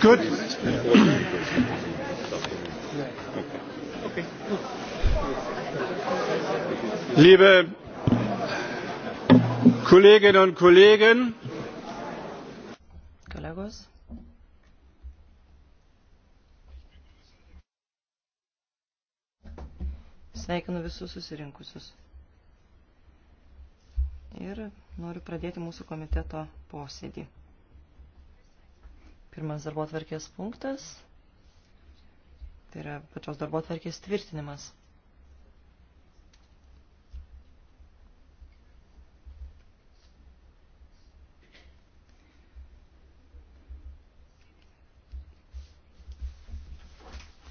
Good. Liebe Kolleginnen und Kollegen, Kolegos. Sveikinu visus susirinkusius. Ir noriu pradėti mūsų komiteto posėdį. Pirmas darbo tvarkės punktas, tai yra pačios darbo tvarkės tvirtinimas.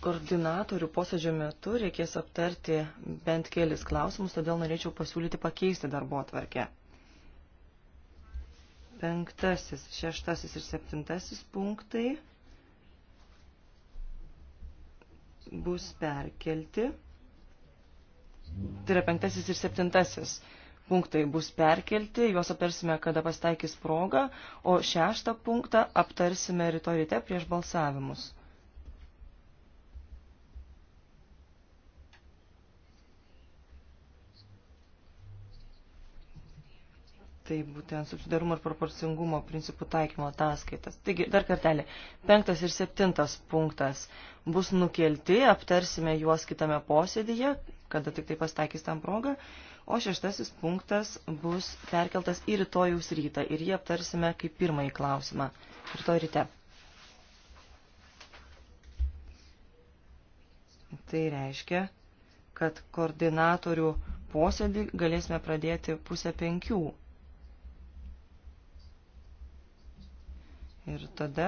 koordinatorių posėdžio metu reikės aptarti bent kelis klausimus, todėl norėčiau pasiūlyti pakeisti darbo atvarkę penktasis, šeštasis ir septintasis punktai bus perkelti. Tai yra penktasis ir septintasis punktai bus perkelti, juos aptarsime, kada pastaikys proga, o šeštą punktą aptarsime rytoj ryte prieš balsavimus. tai būtent subsidarumo ir proporcingumo principų taikymo ataskaitas. Taigi, dar kartelį, penktas ir septintas punktas bus nukelti, aptarsime juos kitame posėdėje, kada tik tai pastaikys tam progą, o šeštasis punktas bus perkeltas į rytojus rytą ir jį aptarsime kaip pirmąjį klausimą rytoj ryte. Tai reiškia, kad koordinatorių posėdį galėsime pradėti pusę penkių. Ir tada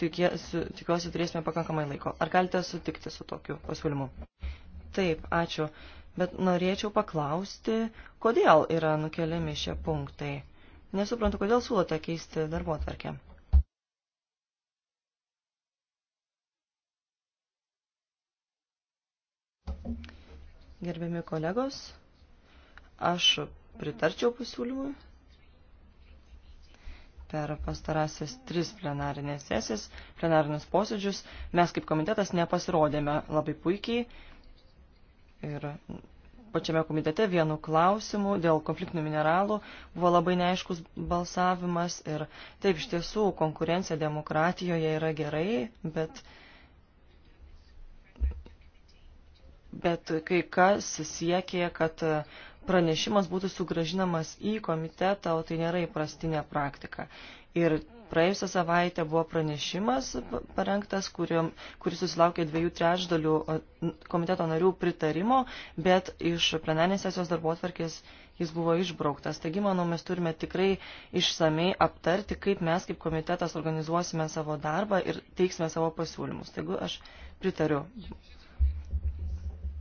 tikiuosi, tikiuosi turėsime pakankamai laiko. Ar galite sutikti su tokiu pasiūlymu? Taip, ačiū. Bet norėčiau paklausti, kodėl yra nukeliami šie punktai. Nesuprantu, kodėl siūlote keisti darbo tvarkę. Gerbiami kolegos, aš pritarčiau pasiūlymui per pastarąsias tris plenarinės sesijas, plenarinius posėdžius. Mes kaip komitetas nepasirodėme labai puikiai ir pačiame komitete vienu klausimu dėl konfliktinių mineralų buvo labai neaiškus balsavimas ir taip iš tiesų konkurencija demokratijoje yra gerai, bet, bet kai kas siekė, kad pranešimas būtų sugražinamas į komitetą, o tai nėra įprastinė praktika. Ir praėjusią savaitę buvo pranešimas parengtas, kuriuo, kuris susilaukė dviejų trečdalių komiteto narių pritarimo, bet iš plenarinės sesijos darbo atvarkės jis buvo išbrauktas. Taigi, manau, mes turime tikrai išsamei aptarti, kaip mes kaip komitetas organizuosime savo darbą ir teiksime savo pasiūlymus. Taigi, aš pritariu.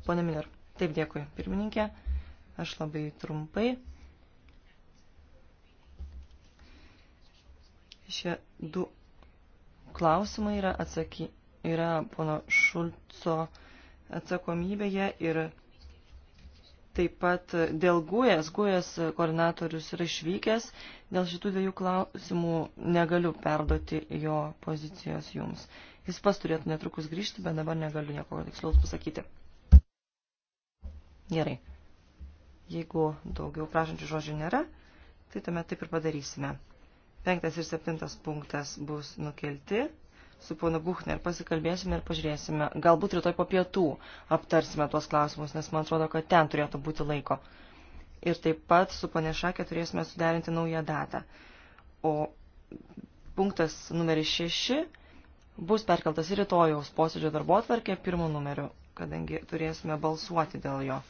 Pone Miller. Taip, dėkui, pirmininkė. Aš labai trumpai. Šie du klausimai yra, atsaky, yra pono Šulco atsakomybėje ir taip pat dėl gujas, gujas koordinatorius yra išvykęs, dėl šitų dviejų klausimų negaliu perduoti jo pozicijos jums. Jis pas turėtų netrukus grįžti, bet dabar negaliu nieko tiksliaus pasakyti. Gerai. Jeigu daugiau prašančių žodžių nėra, tai tuomet taip ir padarysime. Penktas ir septintas punktas bus nukelti. Su ponu Buchner pasikalbėsime ir pažiūrėsime. Galbūt rytoj po pietų aptarsime tuos klausimus, nes man atrodo, kad ten turėtų būti laiko. Ir taip pat su ponė Šakė turėsime suderinti naują datą. O punktas numeris 6 bus perkeltas į rytojaus posėdžio darbo atvarkę pirmo numeriu, kadangi turėsime balsuoti dėl jo.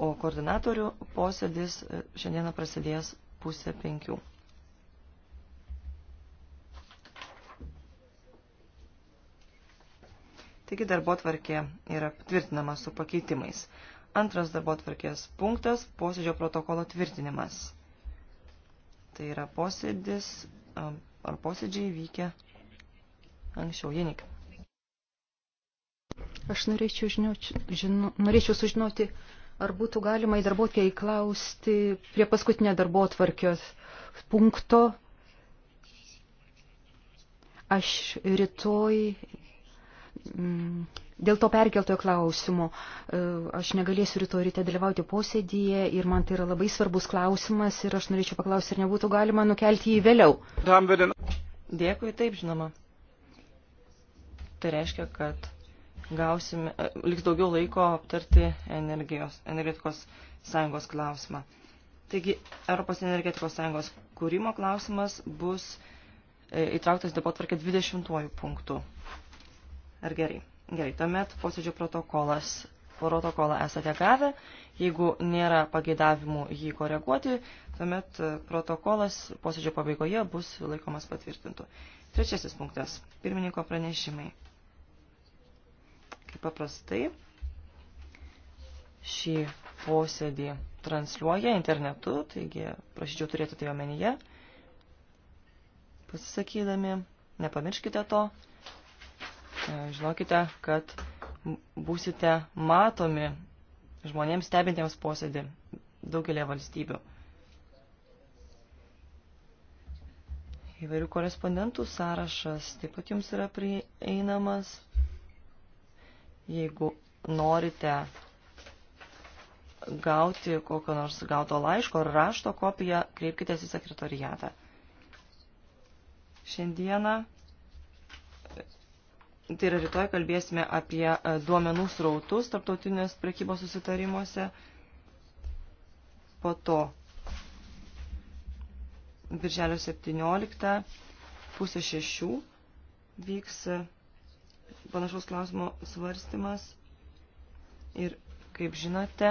o koordinatorių posėdis e, šiandieną prasidės pusę penkių. Taigi darbo tvarkė yra tvirtinama su pakeitimais. Antras darbo tvarkės punktas – posėdžio protokolo tvirtinimas. Tai yra posėdis, ar posėdžiai vykę anksčiau. Jenik. Aš norėčiau, žinoti, žino, norėčiau sužinoti, ar būtų galima į darbotkę įklausti prie paskutinio darbo tvarkios punkto. Aš rytoj mm, dėl to perkeltojo klausimo e, aš negalėsiu rytoj ryte dalyvauti posėdyje ir man tai yra labai svarbus klausimas ir aš norėčiau paklausti, ar nebūtų galima nukelti jį vėliau. Dėkui, taip žinoma. Tai reiškia, kad gausime, liks daugiau laiko aptarti energijos, energetikos sąjungos klausimą. Taigi, Europos energetikos sąjungos kūrimo klausimas bus e, įtrauktas dabar tvarkė 20 punktų. Ar gerai? Gerai, tuomet posėdžio protokolas. Protokolą esate gavę. Jeigu nėra pageidavimų jį koreguoti, tuomet e, protokolas posėdžio pabaigoje bus laikomas patvirtintų. Trečiasis punktas. Pirmininko pranešimai kaip paprastai, šį posėdį transliuoja internetu, taigi prašyčiau turėti tai omenyje. Pasisakydami, nepamirškite to, e, žinokite, kad būsite matomi žmonėms stebintiems posėdį daugelė valstybių. Įvairių korespondentų sąrašas taip pat jums yra prieinamas jeigu norite gauti kokio nors gauto laiško ar rašto kopiją, kreipkitės į sekretorijatą. Šiandieną, tai yra rytoj, kalbėsime apie e, duomenų srautus tarptautinės prekybos susitarimuose. Po to, birželio 17, pusė šešių, vyks panašaus klausimo svarstymas ir, kaip žinote,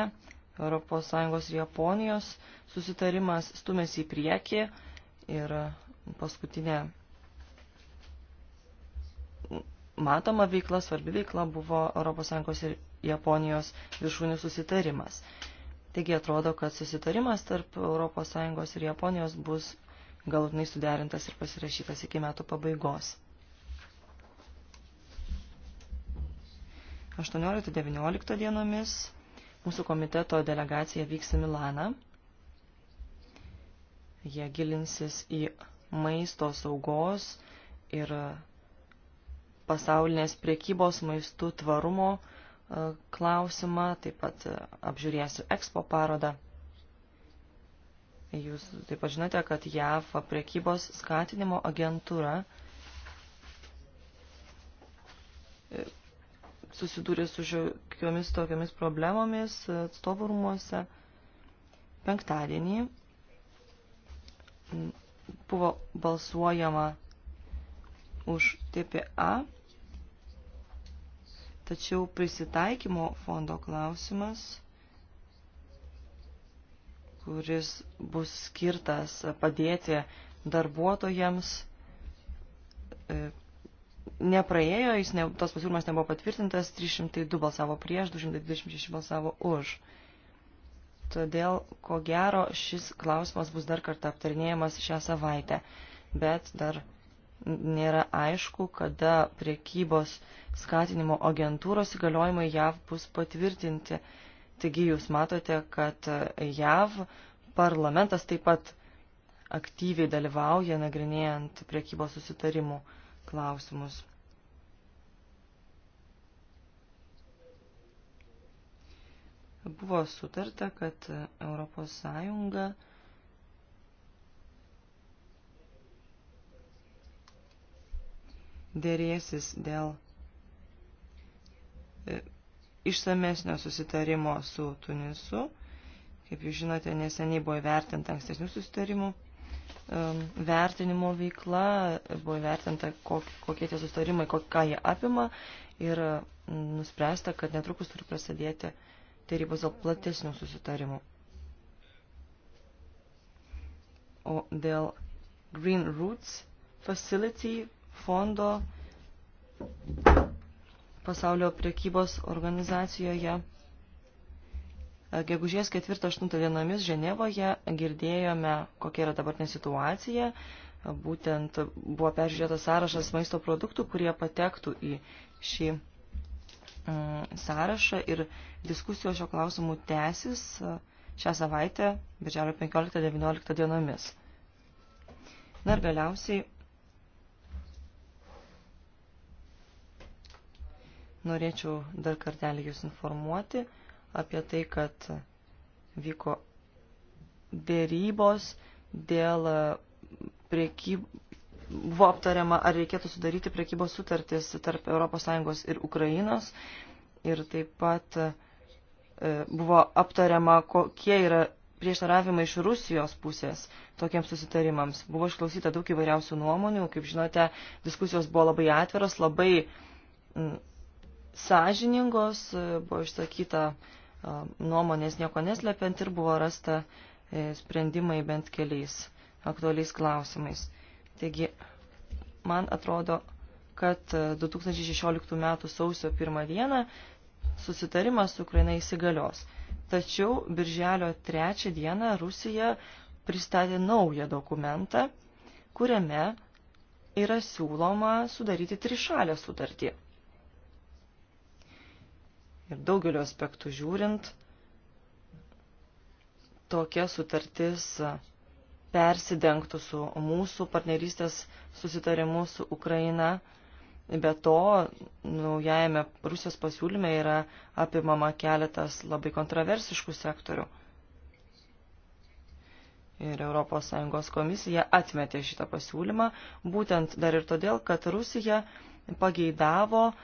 ES ir Japonijos susitarimas stumėsi į priekį ir paskutinė matoma veikla, svarbi veikla buvo ES ir Japonijos viršūnių susitarimas. Taigi atrodo, kad susitarimas tarp ES ir Japonijos bus galutinai suderintas ir pasirašytas iki metų pabaigos. 18-19 dienomis mūsų komiteto delegacija vyks į Milaną. Jie gilinsis į maisto saugos ir pasaulinės priekybos maistų tvarumo e, klausimą, taip pat e, apžiūrėsiu ekspo parodą. Jūs taip pat žinote, kad JAV priekybos skatinimo agentūra e, susidūrė su šiomis tokiamis problemomis atstovų rūmose. Penktadienį buvo balsuojama už TPA, tačiau prisitaikymo fondo klausimas, kuris bus skirtas padėti darbuotojams e, nepraėjo, jis ne, tas pasiūlymas nebuvo patvirtintas, 302 balsavo prieš, 226 balsavo už. Todėl, ko gero, šis klausimas bus dar kartą aptarnėjamas šią savaitę, bet dar nėra aišku, kada priekybos skatinimo agentūros įgaliojimai JAV bus patvirtinti. Taigi jūs matote, kad JAV parlamentas taip pat aktyviai dalyvauja nagrinėjant priekybos susitarimų klausimus. Buvo sutarta, kad Europos Sąjunga dėrėsis dėl e, išsamesnio susitarimo su Tunisu. Kaip jūs žinote, neseniai buvo įvertinta ankstesnių susitarimų Um, vertinimo veikla, buvo įvertinta, kokie tie sustarimai, ką jie apima ir mm, nuspręsta, kad netrukus turi prasidėti tarybos dėl platesnių susitarimų. O dėl Green Roots Facility fondo pasaulio priekybos organizacijoje E, gegužės 4-8 dienomis Ženevoje girdėjome, kokia yra dabartinė situacija. E, būtent buvo peržiūrėtas sąrašas maisto produktų, kurie patektų į šį mm, sąrašą ir diskusijos šio klausimų tęsis e, šią savaitę, birželio 15-19 dienomis. Na ir galiausiai norėčiau dar kartelį Jūs informuoti, apie tai, kad vyko dėrybos dėl priekybos. Buvo aptariama, ar reikėtų sudaryti priekybos sutartis tarp ES ir Ukrainos. Ir taip pat e, buvo aptariama, kokie yra prieštaravimai iš Rusijos pusės tokiems susitarimams. Buvo išklausyta daug įvairiausių nuomonių, kaip žinote, diskusijos buvo labai atviros, labai m, sąžiningos, e, buvo išsakyta nuomonės nieko neslepiant ir buvo rasta e, sprendimai bent keliais aktualiais klausimais. Taigi, man atrodo, kad 2016 e, m. sausio 1 dieną susitarimas su Ukraina įsigalios. Tačiau birželio 3 dieną Rusija pristatė naują dokumentą, kuriame yra siūloma sudaryti trišalę sutartį ir daugeliu aspektų žiūrint, tokia sutartis persidengtų su mūsų partnerystės susitarimu su Ukraina. Be to, naujajame Rusijos pasiūlyme yra apimama keletas labai kontroversiškų sektorių. Ir ES komisija atmetė šitą pasiūlymą, būtent dar ir todėl, kad Rusija pageidavo uh,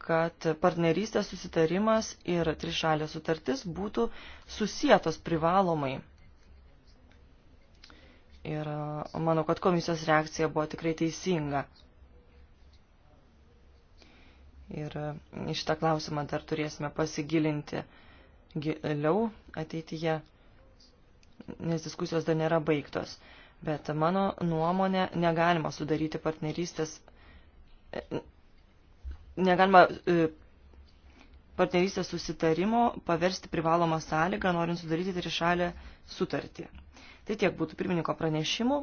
kad partnerystės susitarimas ir trišalė sutartis būtų susijėtos privalomai. Ir uh, manau, kad komisijos reakcija buvo tikrai teisinga. Ir uh, šitą klausimą dar turėsime pasigilinti giliau ateityje, nes diskusijos dar nėra baigtos. Bet mano nuomonė negalima sudaryti partnerystės negalima e, partnerystės susitarimo paversti privalomą sąlygą, norint sudaryti trišalę sutartį. Tai tiek būtų pirmininko pranešimų.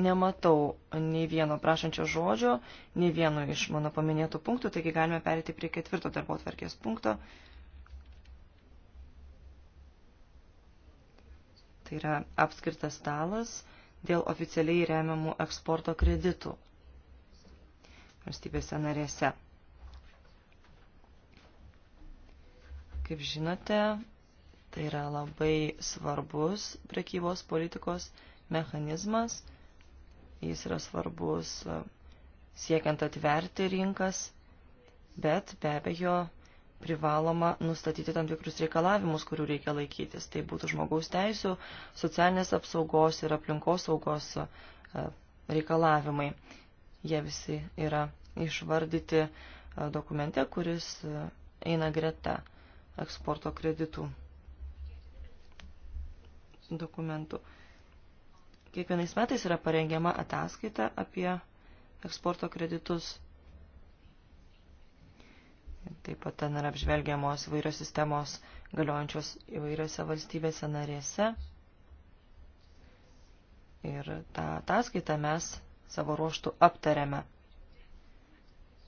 Nematau nei vieno prašančio žodžio, nei vieno iš mano paminėtų punktų, taigi galime perėti prie ketvirto darbo tvarkės punkto. Tai yra apskirtas stalas dėl oficialiai remiamų eksporto kreditų valstybėse narėse. Kaip žinote, tai yra labai svarbus prekybos politikos mechanizmas. Jis yra svarbus e, siekiant atverti rinkas, bet be abejo privaloma nustatyti tam tikrus reikalavimus, kurių reikia laikytis. Tai būtų žmogaus teisų, socialinės apsaugos ir aplinkos saugos e, reikalavimai. Jie visi yra išvardyti e, dokumente, kuris e, eina greta eksporto kreditų dokumentų. Kiekvienais metais yra parengiama ataskaita apie eksporto kreditus. Taip pat ten yra apžvelgiamos įvairios sistemos galiojančios įvairiose valstybėse narėse. Ir tą ataskaitą mes savo ruoštų aptariame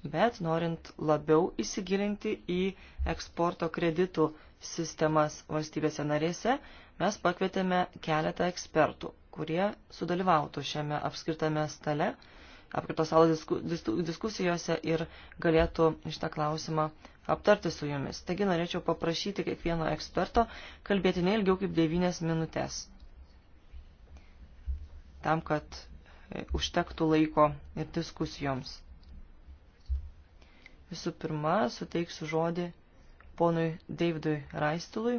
bet norint labiau įsigilinti į eksporto kreditų sistemas valstybėse narėse, mes pakvietėme keletą ekspertų, kurie sudalyvautų šiame apskritame stale, apskrito salo disku, diskusijose ir galėtų šitą klausimą aptarti su jumis. Taigi norėčiau paprašyti kiekvieno eksperto kalbėti neilgiau kaip devynės minutės, tam, kad e, užtektų laiko ir diskusijoms. Visų pirma, suteiksiu žodį ponui Davidui Raistului.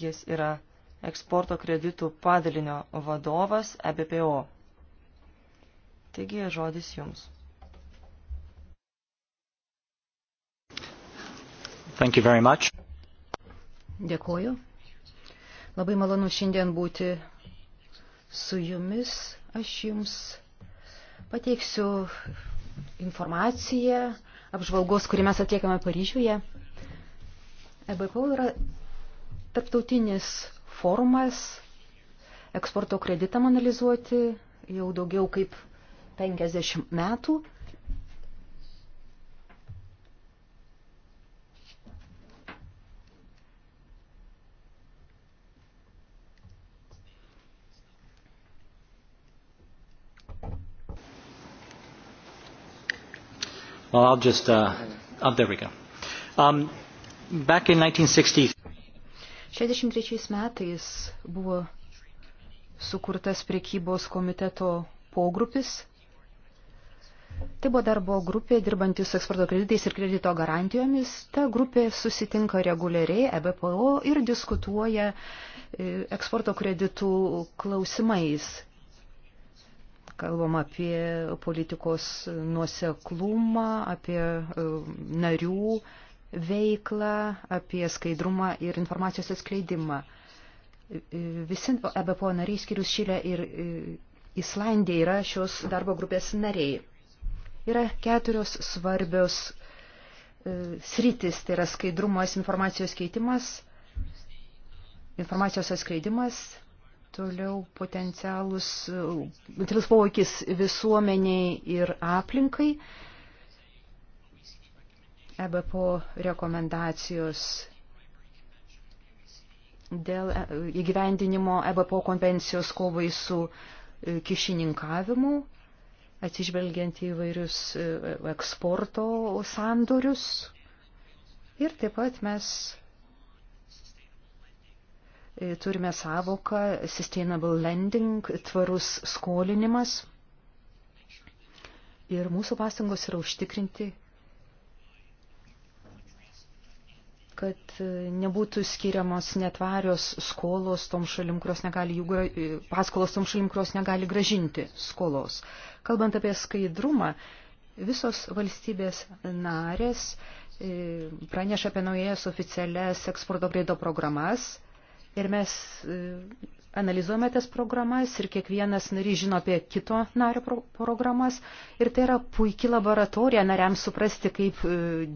Jis yra eksporto kreditų padalinio vadovas EBPO. Taigi žodis jums. Thank you very much. Dėkuoju. Labai malonu šiandien būti su jumis. Aš jums pateiksiu informaciją, apžvalgos, kurį mes atliekame Paryžiuje. EBPO yra tarptautinis forumas eksporto kreditam analizuoti jau daugiau kaip 50 metų. Well, I'll just, uh, oh, there we go. Um, back in 1960. 63 metais buvo sukurtas priekybos komiteto pogrupis. Tai buvo darbo grupė dirbantis su eksporto kreditais ir kredito garantijomis. Ta grupė susitinka reguliariai EBPO ir diskutuoja e, eksporto kreditų klausimais. Kalbam apie politikos nuoseklumą, apie e, narių veiklą, apie skaidrumą ir informacijos atskleidimą. E, visi EBPO nariai, skirius Šilė ir e, Islandija, yra šios darbo grupės nariai. Yra keturios svarbios sritis, tai yra skaidrumas, informacijos keitimas, informacijos atskleidimas, Toliau potencialus, potencialus poveikis visuomeniai ir aplinkai. EBPO rekomendacijos dėl įgyvendinimo EBPO konvencijos kovai su e, kišininkavimu, atsižvelgiant į vairius e, eksporto sandorius. Ir taip pat mes turime savoką sustainable lending, tvarus skolinimas. Ir mūsų pastangos yra užtikrinti, kad nebūtų skiriamos netvarios skolos tom šalim, kurios negali jų, paskolos tom šalim, kurios negali gražinti skolos. Kalbant apie skaidrumą, visos valstybės narės e, praneša apie naujas oficialias eksporto greido programas Ir mes e, analizuojame tas programas ir kiekvienas narys žino apie kito nario pro programas. Ir tai yra puikia laboratorija nariams suprasti, kaip e,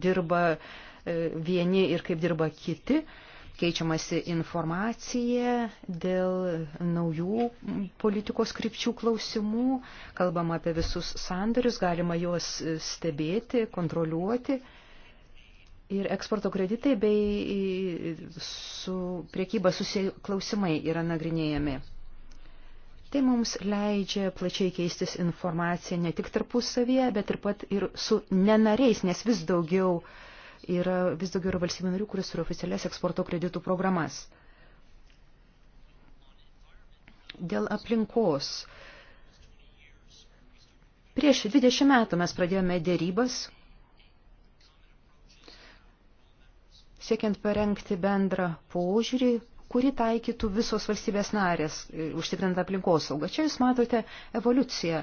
dirba e, vieni ir kaip dirba kiti. Keičiamasi informacija dėl naujų politikos krypčių klausimų, kalbama apie visus sandarius, galima juos stebėti, kontroliuoti Ir eksporto kreditai bei su priekyba susiklausimai yra nagrinėjami. Tai mums leidžia plačiai keistis informaciją ne tik tarpusavyje, bet ir pat ir su nenariais, nes vis daugiau yra, vis daugiau yra valstybių narių, kuris turi oficialias eksporto kreditų programas. Dėl aplinkos. Prieš 20 metų mes pradėjome dėrybas siekiant parengti bendrą požiūrį, kuri taikytų visos valstybės narės, e, užtikrinant aplinkosaugą. Čia jūs matote evoliuciją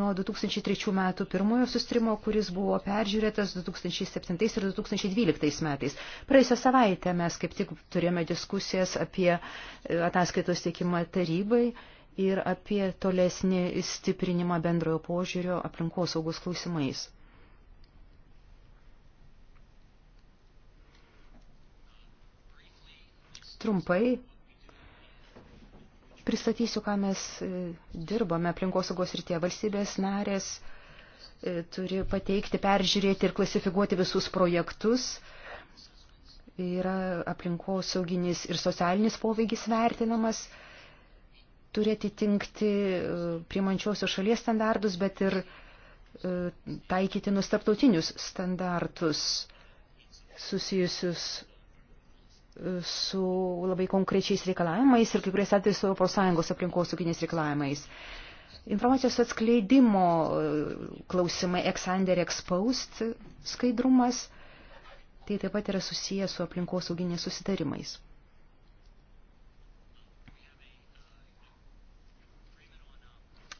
nuo 2003 metų pirmojo sustrimo, kuris buvo peržiūrėtas 2007 ir 2012 metais. Praėjusią savaitę mes kaip tik turėjome diskusijas apie e, ataskaitos teikimą tarybai ir apie tolesnį stiprinimą bendrojo požiūrio aplinkosaugos klausimais. trumpai pristatysiu, ką mes e, dirbame aplinkosaugos rytie. Valstybės narės e, turi pateikti, peržiūrėti ir klasifikuoti visus projektus. Yra aplinkosauginis ir socialinis poveikis vertinamas. Turi atitinkti e, primančiosios šalies standardus, bet ir taikyti nustaptautinius standartus susijusius su labai konkrečiais reikalavimais ir kai kuriais atvejais su Europos Sąjungos aplinkosauginiais reikalavimais. Informacijos atskleidimo e, klausimai Exander Exposed skaidrumas, tai taip pat yra susijęs su aplinkosauginiais susitarimais.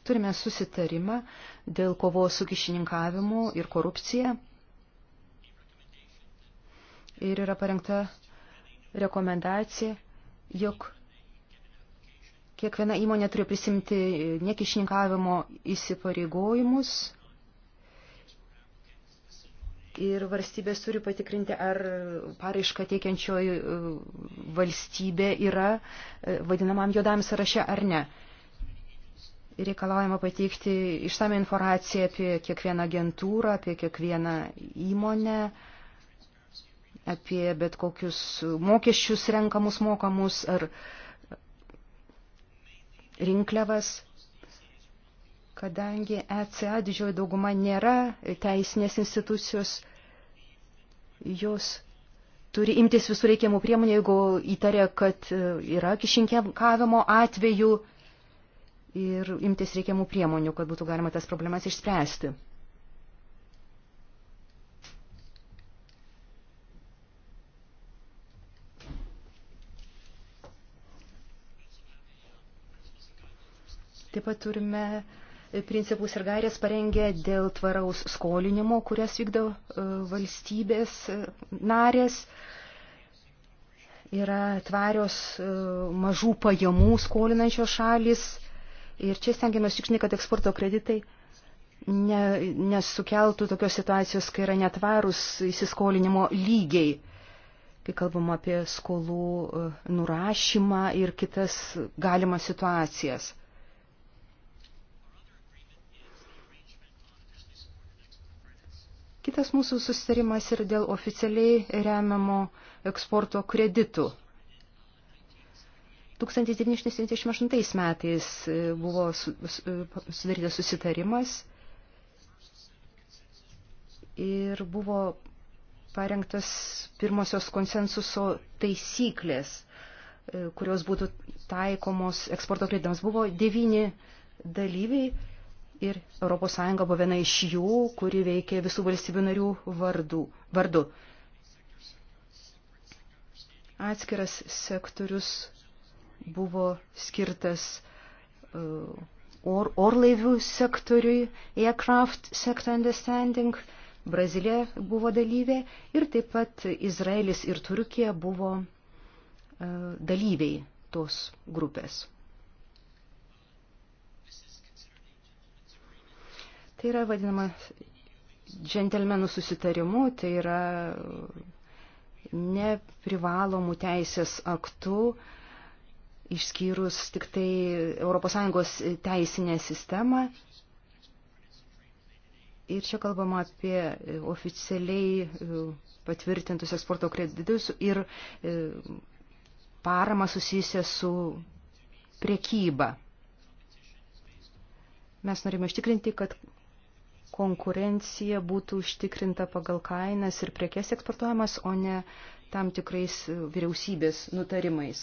Turime susitarimą dėl kovos su kišininkavimu ir korupcija. Ir yra parengta rekomendacija, jog kiekviena įmonė turi prisimti nekišininkavimo įsipareigojimus ir valstybės turi patikrinti, ar paraišką teikiančioji e, valstybė yra e, vadinamam juodam sąraše ar ne. Reikalaujama pateikti išsame informaciją apie kiekvieną agentūrą, apie kiekvieną įmonę, apie bet kokius mokesčius renkamus mokamus ar rinkliavas, kadangi ECA didžioji dauguma nėra teisinės institucijos, jos turi imtis visų reikiamų priemonių, jeigu įtarė, kad yra kišinkavimo atveju ir imtis reikiamų priemonių, kad būtų galima tas problemas išspręsti. Taip pat turime e, principus ir gairės parengę dėl tvaraus skolinimo, kurias vykdo e, valstybės e, narės. Yra tvarios mažų pajamų skolinančios šalis. Ir čia stengiamės tikšnį, kad eksporto kreditai ne, nesukeltų tokios situacijos, kai yra netvarūs įsiskolinimo lygiai, kai kalbam apie skolų nurašymą ir kitas galimas situacijas. Kitas mūsų susitarimas yra dėl oficialiai remiamo eksporto kreditų. 1978 metais e, buvo e, e, sudarytas susitarimas ir buvo parengtas pirmosios konsensuso taisyklės, kurios būtų taikomos eksporto kreditams. Buvo devyni dalyviai ir ES buvo viena iš jų, kuri veikė visų valstybių narių vardų, vardu. Atskiras sektorius buvo skirtas uh, or, orlaivių sektoriui, aircraft sector understanding, Brazilė buvo dalyvė ir taip pat Izraelis ir Turkija buvo uh, dalyviai tos grupės. Tai yra vadinama džentelmenų susitarimu, tai yra neprivalomų teisės aktų, išskyrus tik tai ES teisinę sistemą. Ir čia kalbama apie oficialiai e, patvirtintus eksporto kreditus ir e, paramą susijusią su priekyba. Mes norime ištikrinti, kad konkurencija būtų užtikrinta pagal kainas ir prekes eksportuojamas, o ne tam tikrais e, vyriausybės nutarimais.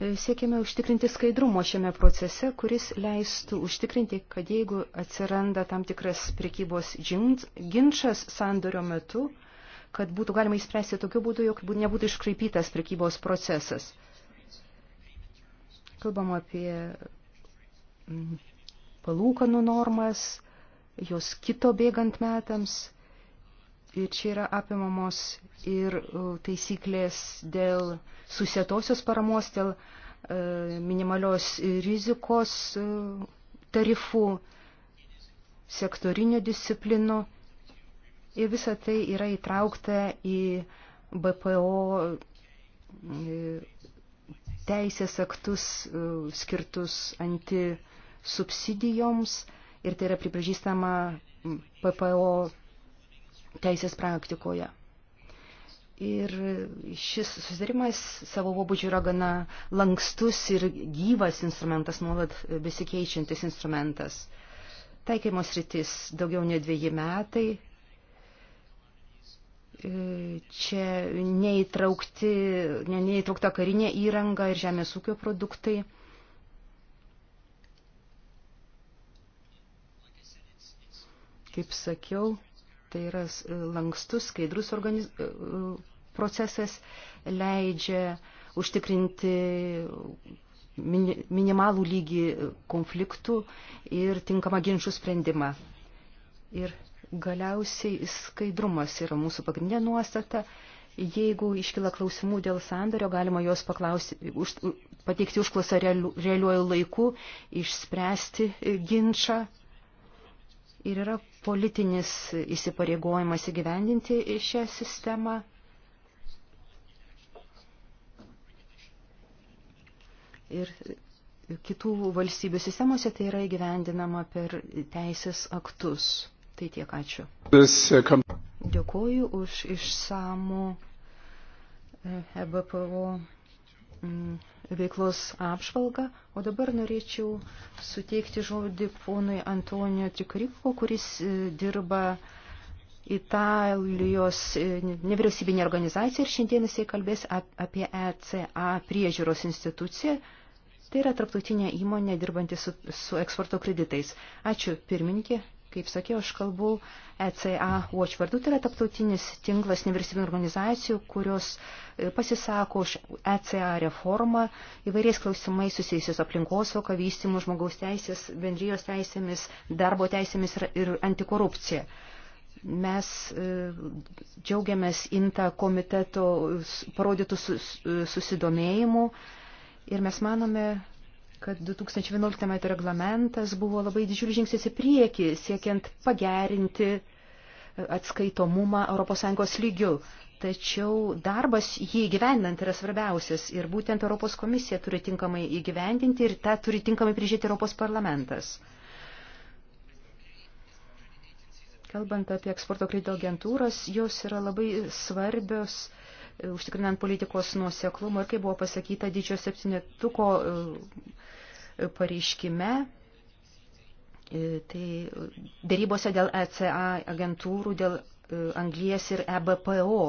E, Siekime užtikrinti skaidrumo šiame procese, kuris leistų užtikrinti, kad jeigu atsiranda tam tikras prekybos ginčas sandorio metu, kad būtų galima įspręsti tokiu būdu, jog nebūtų iškraipytas prekybos procesas. Kalbam apie palūkanų normas, jos kito bėgant metams. Ir čia yra apimamos ir e, taisyklės dėl susietosios paramos, dėl e, minimalios rizikos e, tarifų, sektorinio disciplinų. Ir visa tai yra įtraukta į BPO e, teisės aktus e, skirtus anti subsidijoms ir tai yra pripažįstama PPO teisės praktikoje. Ir šis susidarimas savo pobūdžiu yra gana lankstus ir gyvas instrumentas, nuolat besikeičiantis instrumentas. Taikymos rytis daugiau ne dviejį metai. Čia neįtraukti, ne, neįtraukta karinė įranga ir žemės ūkio produktai. Kaip sakiau, tai yra lankstus, skaidrus organiz... E, procesas, leidžia užtikrinti minimalų lygį konfliktų ir tinkamą ginčių sprendimą. Ir galiausiai skaidrumas yra mūsų pagrindinė nuostata. Jeigu iškyla klausimų dėl sandario, galima juos paklausti, už, pateikti užklausą realiu, realiuoju laiku, išspręsti ginčą. Ir yra politinis įsipareigojimas įgyvendinti šią sistemą. Ir kitų valstybių sistemose tai yra įgyvendinama per teisės aktus. Tai tiek ačiū. Uh, Dėkuoju už išsamų EBPO e Mm, veiklos apžvalgą, o dabar norėčiau suteikti žodį ponui Antonijo Trikripo, kuris e, dirba Italijos e, nevyriausybinė organizacija ir šiandien jisai kalbės apie ECA priežiūros instituciją. Tai yra tarptautinė įmonė dirbanti su, su eksporto kreditais. Ačiū pirmininkė, Kaip sakiau, aš kalbu ECA Watch vardu, tai yra taptautinis tinklas nevyriausybinio organizacijų, kurios e, pasisako už ECA reformą įvairiais klausimais susijusios aplinkosauką, vystimų, žmogaus teisės, bendrijos teisėmis, darbo teisėmis ir antikorupcija mes e, džiaugiamės INTA komiteto parodytų susidomėjimu ir mes manome, kad 2011 metų reglamentas buvo labai didžiulis žingsnis į priekį, siekiant pagerinti atskaitomumą ES lygių. Tačiau darbas jį įgyvendinant yra svarbiausias ir būtent Europos komisija turi tinkamai įgyvendinti ir tą turi tinkamai prižiūrėti Europos parlamentas. Kalbant apie eksporto kredito agentūras, jos yra labai svarbios e, užtikrinant politikos nuoseklumą ir kaip buvo pasakyta didžio septynetuko e, pareiškime, e, tai dėrybose dėl ECA agentūrų, dėl e, Anglijas ir EBPO.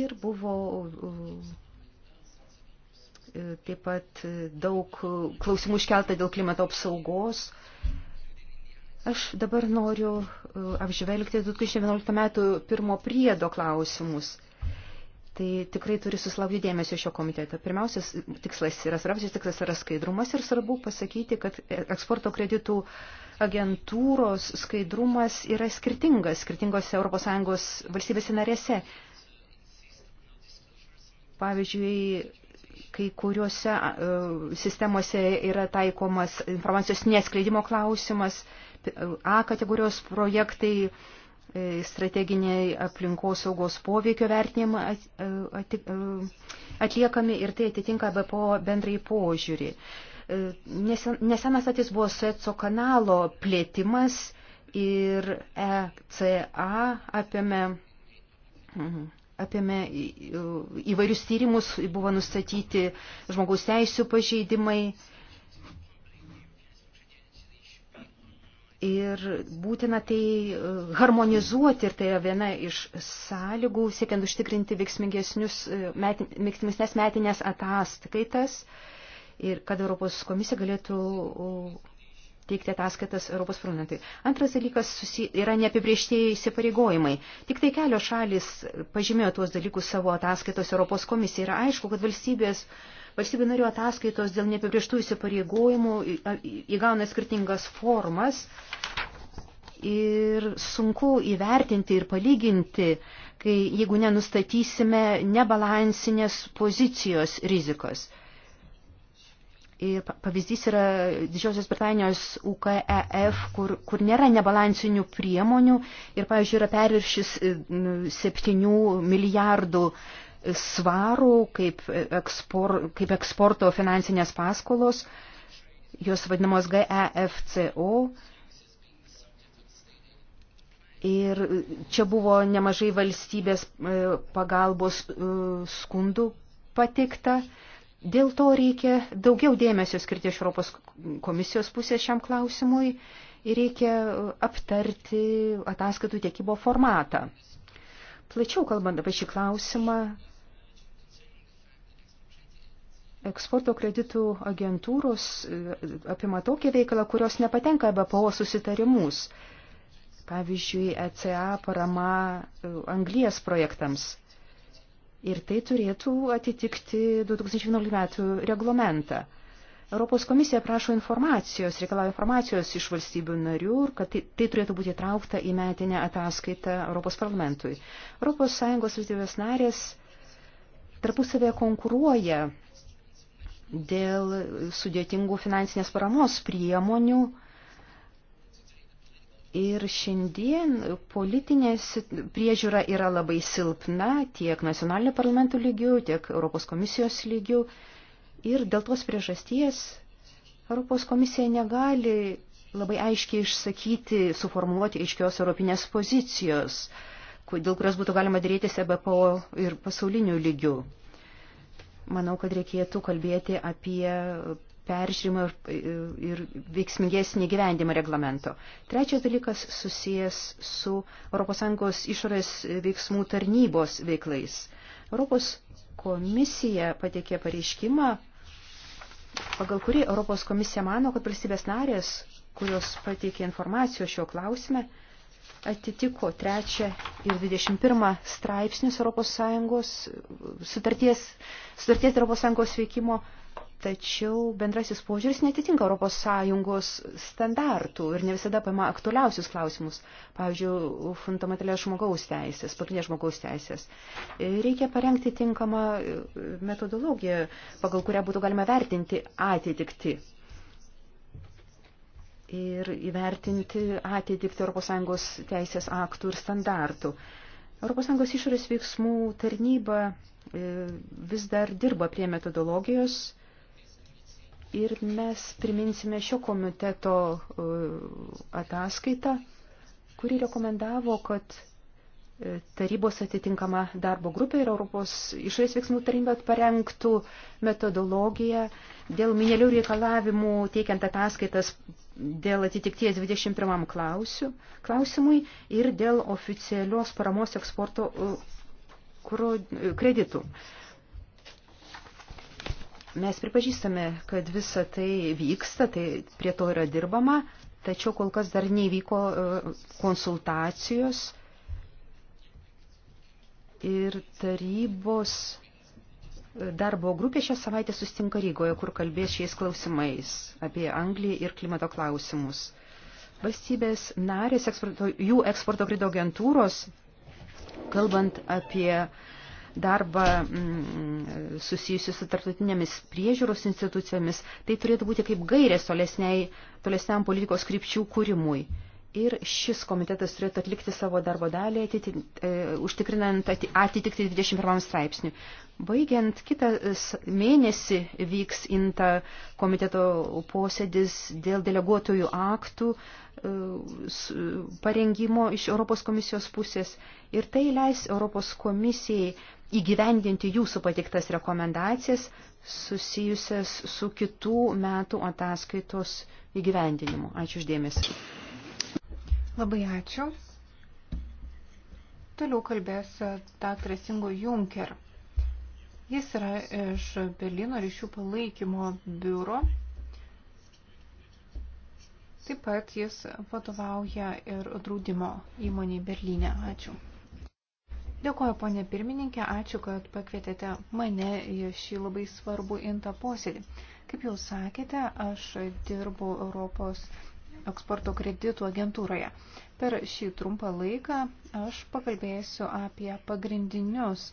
Ir buvo e, taip pat daug klausimų iškelta dėl klimato apsaugos. Aš dabar noriu apžvelgti 2011 metų pirmo priedo klausimus tai tikrai turi susilaukti dėmesio šio komiteto. Pirmiausias tikslas yra, svarbiausias tikslas yra skaidrumas ir svarbu pasakyti, kad eksporto kreditų agentūros skaidrumas yra skirtingas skirtingose ES valstybėse narėse. Pavyzdžiui, kai kuriuose e, sistemose yra taikomas informacijos neskleidimo klausimas, A kategorijos projektai E, strateginiai aplinkos saugos poveikio vertinimą e, e, atliekami ir tai atitinka BPO bendrai požiūrį. Nesenas atis buvo Sueco kanalo plėtimas ir ECA apėmė, mhm, apėmė įvairius tyrimus, buvo nustatyti žmogaus teisų pažeidimai Ir būtina tai e, harmonizuoti ir tai yra viena iš sąlygų, siekiant užtikrinti veiksmingesnius e, metinės metinės ataskaitas ir kad Europos komisija galėtų teikti ataskaitas Europos parlamentui. Antras dalykas susi... yra neapibrieštieji įsipareigojimai. Tik tai kelios šalis pažymėjo tuos dalykus savo ataskaitos Europos komisijai. Yra aišku, kad valstybės uh, Valstybių narių ataskaitos dėl neapibrieštų įsipareigojimų įgauna skirtingas formas ir sunku įvertinti ir palyginti, kai jeigu nenustatysime nebalansinės pozicijos rizikos. Ir pavyzdys yra Didžiosios Britanijos UKEF, kur, kur nėra nebalansinių priemonių ir, pavyzdžiui, yra perviršis 7 e, milijardų uh, svarų, kaip, ekspor, kaip eksporto finansinės paskolos, jos vadinamos GEFCO. Ir čia buvo nemažai valstybės e, pagalbos e, skundų patikta. Dėl to reikia daugiau dėmesio skirti iš Europos komisijos pusės šiam klausimui ir reikia aptarti ataskaitų tiekimo formatą. Plačiau kalbant apie šį klausimą, Eksporto kreditų agentūros e, apima tokią veiklą, kurios nepatenka BPO susitarimus. Pavyzdžiui, ECA parama e, anglijas projektams. Ir tai turėtų atitikti 2011 metų reglamentą. Europos komisija prašo informacijos, reikalauja informacijos iš valstybių narių, kad tai, tai turėtų būti traukta į metinę ataskaitą Europos parlamentui. Europos Sąjungos valstybės narės tarpusavėje konkuruoja dėl sudėtingų finansinės paramos priemonių. Ir šiandien politinė priežiūra yra labai silpna tiek nacionalinio parlamento lygių, tiek Europos komisijos lygių. Ir dėl tos priežasties Europos komisija negali labai aiškiai išsakyti, suformuoluoti aiškios europinės pozicijos, dėl kurios būtų galima dėrėtis EBPO ir pasaulinių lygių manau, kad reikėtų kalbėti apie peržiūrimą ir veiksmingesnį gyvendimą reglamento. Trečias dalykas susijęs su ES išorės veiksmų tarnybos veiklais. Europos komisija patikė pareiškimą, pagal kurį Europos komisija mano, kad valstybės narės, kurios pateikė informacijos šio klausime, atitiko 3 ir 21 straipsnius ES sutarties, sutarties ES veikimo, tačiau bendrasis požiūris netitinka ES standartų ir ne visada paima aktualiausius klausimus, pavyzdžiui, fundamentalės žmogaus teisės, pagrindinės žmogaus teisės. Reikia parengti tinkamą metodologiją, pagal kurią būtų galima vertinti atitikti ir įvertinti atitikti ES teisės aktų ir standartų. ES išorės veiksmų tarnyba e, vis dar dirba prie metodologijos ir mes priminsime šio komiteto e, ataskaitą, kuri rekomendavo, kad e, tarybos atitinkama darbo grupė ir Europos išorės veiksmų taryba parengtų metodologiją dėl minėlių reikalavimų teikiant ataskaitas dėl atitikties 21 klausiu, klausimui ir dėl oficialios paramos eksporto e, e, kreditų. Mes pripažįstame, kad visa tai vyksta, tai prie to yra dirbama, tačiau kol kas dar nevyko e, konsultacijos ir tarybos Darbo grupė šią savaitę sustinka Rygoje, kur kalbės šiais klausimais apie Angliją ir klimato klausimus. Valstybės narės, eksporto, jų eksporto krido agentūros, kalbant apie darbą mm, susijusiu su tartutinėmis priežiūros institucijomis, tai turėtų būti kaip gairės tolesniam politikos krypčių kūrimui. Ir šis komitetas turėtų atlikti savo darbo dalį, atiti, e, užtikrinant atitikti 21 straipsnių. Baigiant kitą mėnesį vyks INTA komiteto posėdis dėl deleguotojų aktų e, s, parengimo iš Europos komisijos pusės ir tai leis Europos komisijai įgyvendinti jūsų patiktas rekomendacijas susijusias su kitų metų ataskaitos įgyvendinimu. Ačiū uždėmesi. Labai ačiū. Toliau kalbės e, dr. Singo Junker. Jis yra iš Berlyno ryšių palaikymo biuro. Taip pat jis vadovauja ir draudimo įmoniai Berlyne. Ačiū. Dėkuoju, ponė pirmininkė, ačiū, kad pakvietėte mane į šį labai svarbų intą posėdį. Kaip jau sakėte, aš dirbu Europos eksporto kreditų agentūroje. Per šį trumpą laiką aš pakalbėsiu apie pagrindinius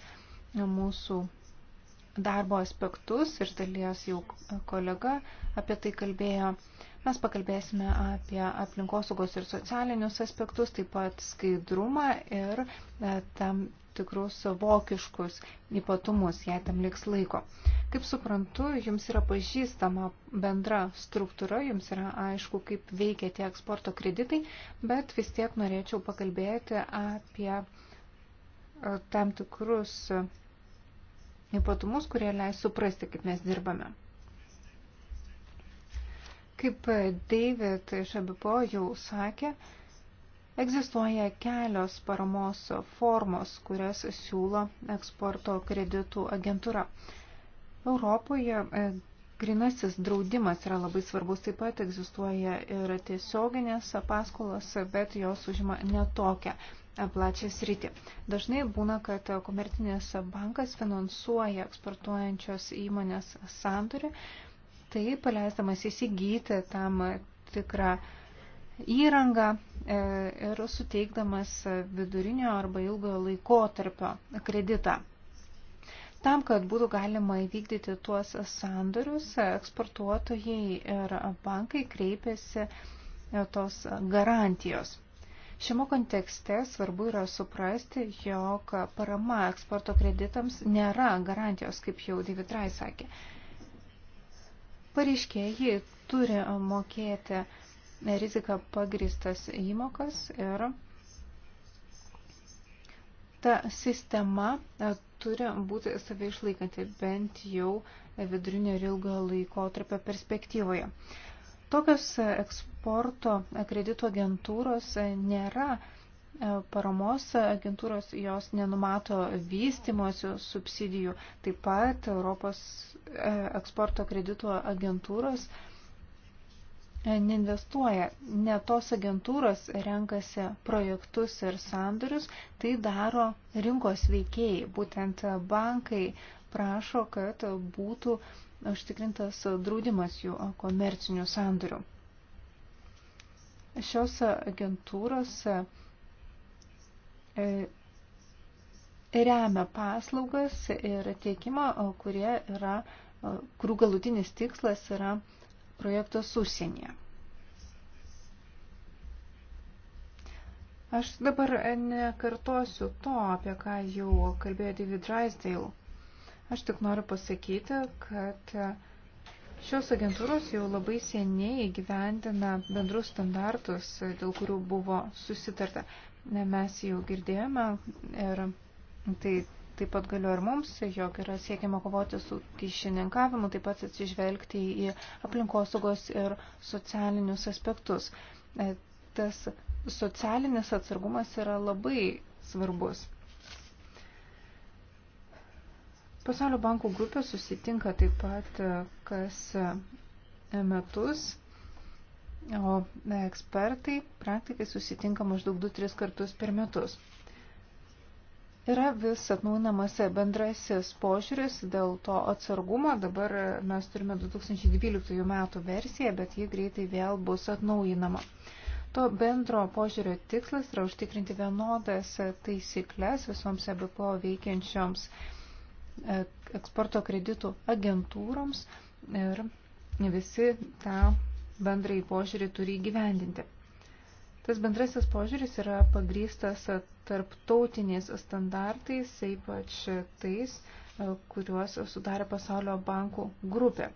mūsų darbo aspektus ir dalies jau kolega apie tai kalbėjo. Mes pakalbėsime apie aplinkosaugos ir socialinius aspektus, taip pat skaidrumą ir e, tam tikrus vokiškus ypatumus, jei tam liks laiko. Kaip suprantu, jums yra pažįstama bendra struktūra, jums yra aišku, kaip veikia tie eksporto kreditai, bet vis tiek norėčiau pakalbėti apie e, tam tikrus ypatumus, kurie leis suprasti, kaip mes dirbame. Kaip David iš abipo jau sakė, Egzistuoja kelios paramos formos, kurias siūlo eksporto kreditų agentūra. Europoje e, grinasis draudimas yra labai svarbus, taip pat egzistuoja ir tiesioginės paskolos, bet jos užima netokią e, plačią sritį. Dažnai būna, kad komercinės bankas finansuoja eksportuojančios įmonės sandurį, tai paleisdamas įsigyti tam tikrą uh, įrangą e, ir suteikdamas vidurinio arba ilgojo laikotarpio kreditą. Tam, kad būtų galima įvykdyti tuos sandorius, eksportuotojai ir bankai kreipiasi e, tos garantijos. Šiame kontekste svarbu yra suprasti, jog parama eksporto kreditams nėra garantijos, kaip jau David Rai sakė. Pareiškėjai turi mokėti rizika pagristas įmokas ir ta sistema turi būti savai išlaikanti bent jau vidurinio ir ilgo laiko tarpio perspektyvoje. Tokios eksporto kredito agentūros nėra paramos agentūros, jos nenumato vystimosi subsidijų. Taip pat Europos eksporto kredito agentūros E, neinvestuoja, ne tos agentūros renkasi projektus ir sandorius, tai daro rinkos veikėjai. Būtent bankai prašo, kad būtų užtikrintas draudimas jų komercinių sandorių. Šios agentūros e, remia paslaugas ir tiekimą, kurie yra, kurių galutinis tikslas yra projektas užsienyje. Aš dabar nekartosiu to, apie ką jau kalbėjo David Drysdale. Aš tik noriu pasakyti, kad Šios agentūros jau labai seniai gyvendina bendrus standartus, dėl kurių buvo susitarta. Mes jau girdėjome ir tai taip pat galiu ir mums, jog yra siekiama kovoti su kišininkavimu, taip pat atsižvelgti į aplinkosaugos ir socialinius aspektus. E, tas socialinis atsargumas yra labai svarbus. Pasaulio bankų grupė susitinka taip pat e, kas e, metus, o ekspertai, praktikai susitinka maždaug 2-3 kartus per metus. Yra vis atnaujinamas bendrasis požiūris dėl to atsargumo. Dabar mes turime 2012 metų versiją, bet ji greitai vėl bus atnaujinama. To bendro požiūrio tikslas yra užtikrinti vienodas taisyklės visoms EBPO veikiančioms e, eksporto kreditų agentūroms ir visi tą bendrąjį požiūrį turi įgyvendinti. Tas bendrasis požiūris yra pagrystas tarptautiniais standartais, ypač tais, kuriuos sudarė pasaulio bankų grupė.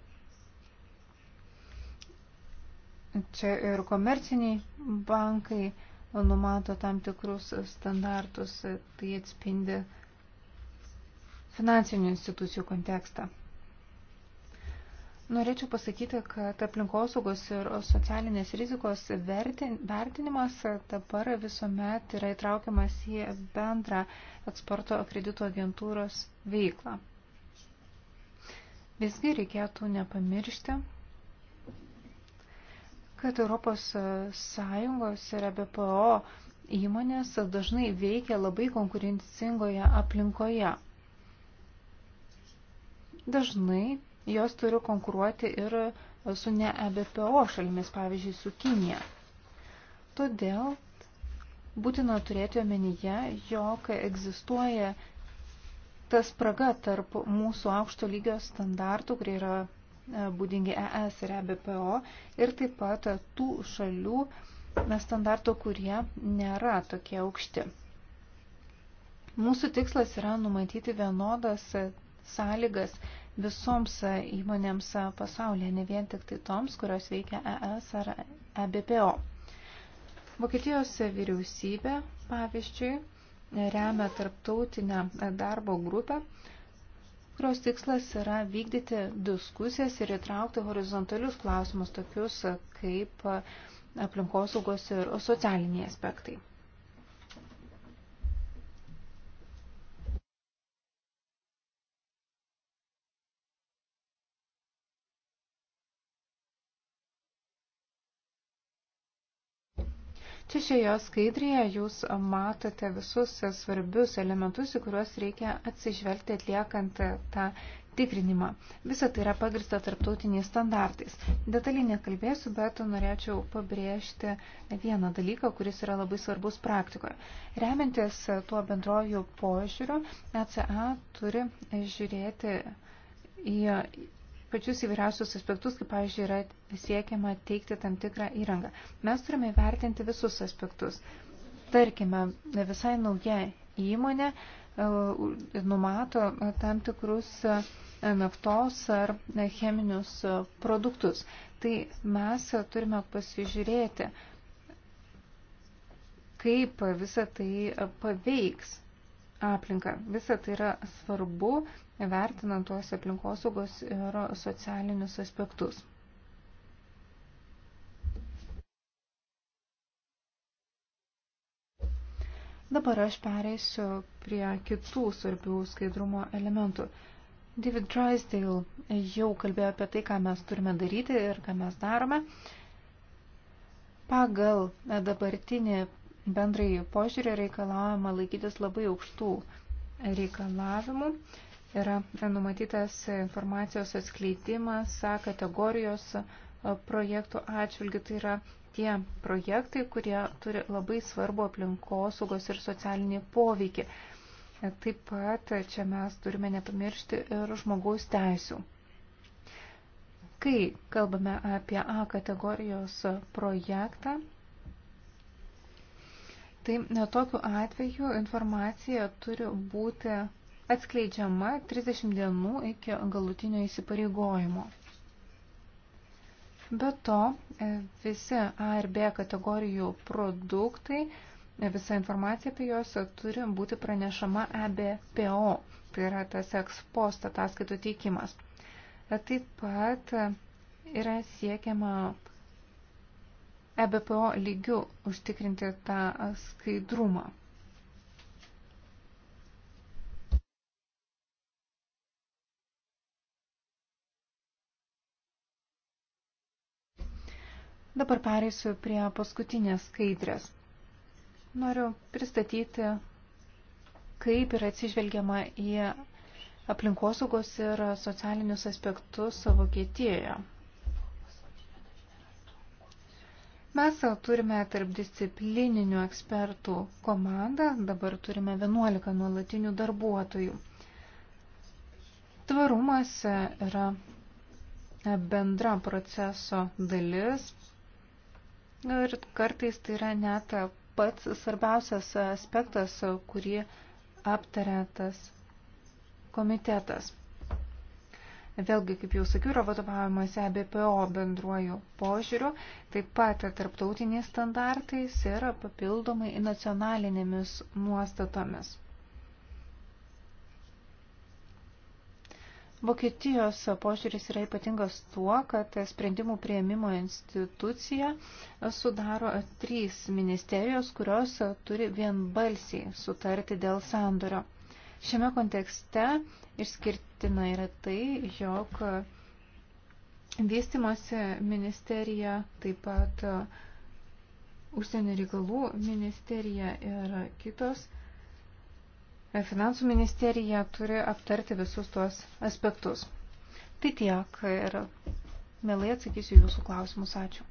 Čia ir komerciniai bankai numato tam tikrus standartus, tai atspindi finansinių institucijų kontekstą. Norėčiau pasakyti, kad aplinkosaugos ir socialinės rizikos vertin, vertinimas dabar visuomet yra įtraukiamas į bendrą eksporto kredito agentūros veiklą. Visgi reikėtų nepamiršti, kad Europos Sąjungos ir BPO e įmonės dažnai veikia labai konkurencingoje aplinkoje. Dažnai jos turi konkuruoti ir su ne EBPO šalimis, pavyzdžiui, su Kinija. Todėl būtina turėti omenyje, jog egzistuoja ta spraga tarp mūsų aukšto lygio standartų, kurie yra e, būdingi ES ir EBPO, ir taip pat tų šalių standartų, kurie nėra tokie aukšti. Mūsų tikslas yra numatyti vienodas sąlygas visoms įmonėms pasaulyje, ne vien tik tai toms, kurios veikia ES ar EBPO. Vokietijos vyriausybė, pavyzdžiui, remia tarptautinę darbo grupę, kurios tikslas yra vykdyti diskusijas ir įtraukti horizontalius klausimus, tokius kaip aplinkosaugos ir socialiniai aspektai. Čia šioje skaidrėje jūs matote visus svarbius elementus, į kuriuos reikia atsižvelgti atliekant tą tikrinimą. Visa tai yra pagrista tarptautiniais standartais. Detaliai nekalbėsiu, bet norėčiau pabrėžti vieną dalyką, kuris yra labai svarbus praktikoje. Remiantis tuo bendroju požiūriu, ECA turi žiūrėti į pačius įvairiausius aspektus, kaip, pavyzdžiui, yra siekiama teikti tam tikrą įrangą. Mes turime vertinti visus aspektus. Tarkime, visai nauja įmonė e, numato tam tikrus e, naftos ar cheminius e, produktus. Tai mes turime pasižiūrėti, kaip visa tai paveiks aplinką. Visa tai yra svarbu vertinant tuos aplinkosaugos ir socialinius aspektus. Dabar aš pereisiu prie kitų svarbių skaidrumo elementų. David Drysdale jau kalbėjo apie tai, ką mes turime daryti ir ką mes darome. Pagal dabartinį bendrąjį požiūrį reikalaujama laikytis labai aukštų reikalavimų yra numatytas informacijos atskleidimas kategorijos projektų atžvilgių. Tai yra tie projektai, kurie turi labai svarbu aplinkosaugos ir socialinį poveikį. Taip pat čia mes turime nepamiršti ir žmogaus teisų. Kai kalbame apie A kategorijos projektą, tai netokiu atveju informacija turi būti atskleidžiama 30 dienų iki galutinio įsipareigojimo. Be to, e, visi A ir B kategorijų produktai, e, visa informacija apie juos turi būti pranešama EBPO, tai yra tas ekspost ataskaitų teikimas. E, taip pat yra siekiama EBPO lygių užtikrinti tą skaidrumą. Dabar pereisiu prie paskutinės skaidrės. Noriu pristatyti, kaip yra atsižvelgiama į aplinkosaugos ir socialinius aspektus Vokietijoje. Mes turime tarp disciplininių ekspertų komandą, dabar turime 11 nuolatinių darbuotojų. Tvarumas yra bendra proceso dalis, Ir kartais tai yra net pats svarbiausias aspektas, kurį aptarė tas komitetas. Vėlgi, kaip jau sakiau, yra vadovavimas EBPO bendruoju požiūriu, taip pat tarptautiniais standartais ir papildomai nacionalinėmis nuostatomis. Vokietijos požiūris yra ypatingas tuo, kad sprendimų prieimimo institucija sudaro trys ministerijos, kurios turi vienbalsiai sutarti dėl sandorio. Šiame kontekste išskirtina yra tai, jog vystimosi ministerija, taip pat užsienio reikalų ministerija ir kitos ministerijos Finansų ministerija turi aptarti visus tuos aspektus. Tai tiek ir mielai atsakysiu jūsų klausimus. Ačiū.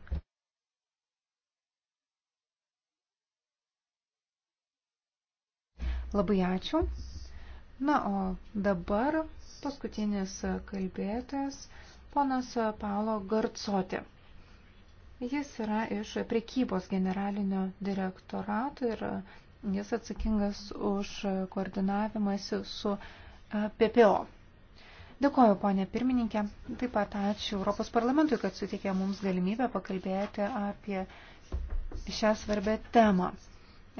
Labai ačiū. Na, o dabar paskutinis kalbėtojas, ponas Paulo Garcoti. Jis yra iš prekybos generalinio direktorato ir Jis atsakingas už koordinavimąsi su e, PPO. Dėkoju, ponė pirmininkė. Taip pat ačiū Europos parlamentui, kad sutikė mums galimybę pakalbėti apie šią svarbę temą.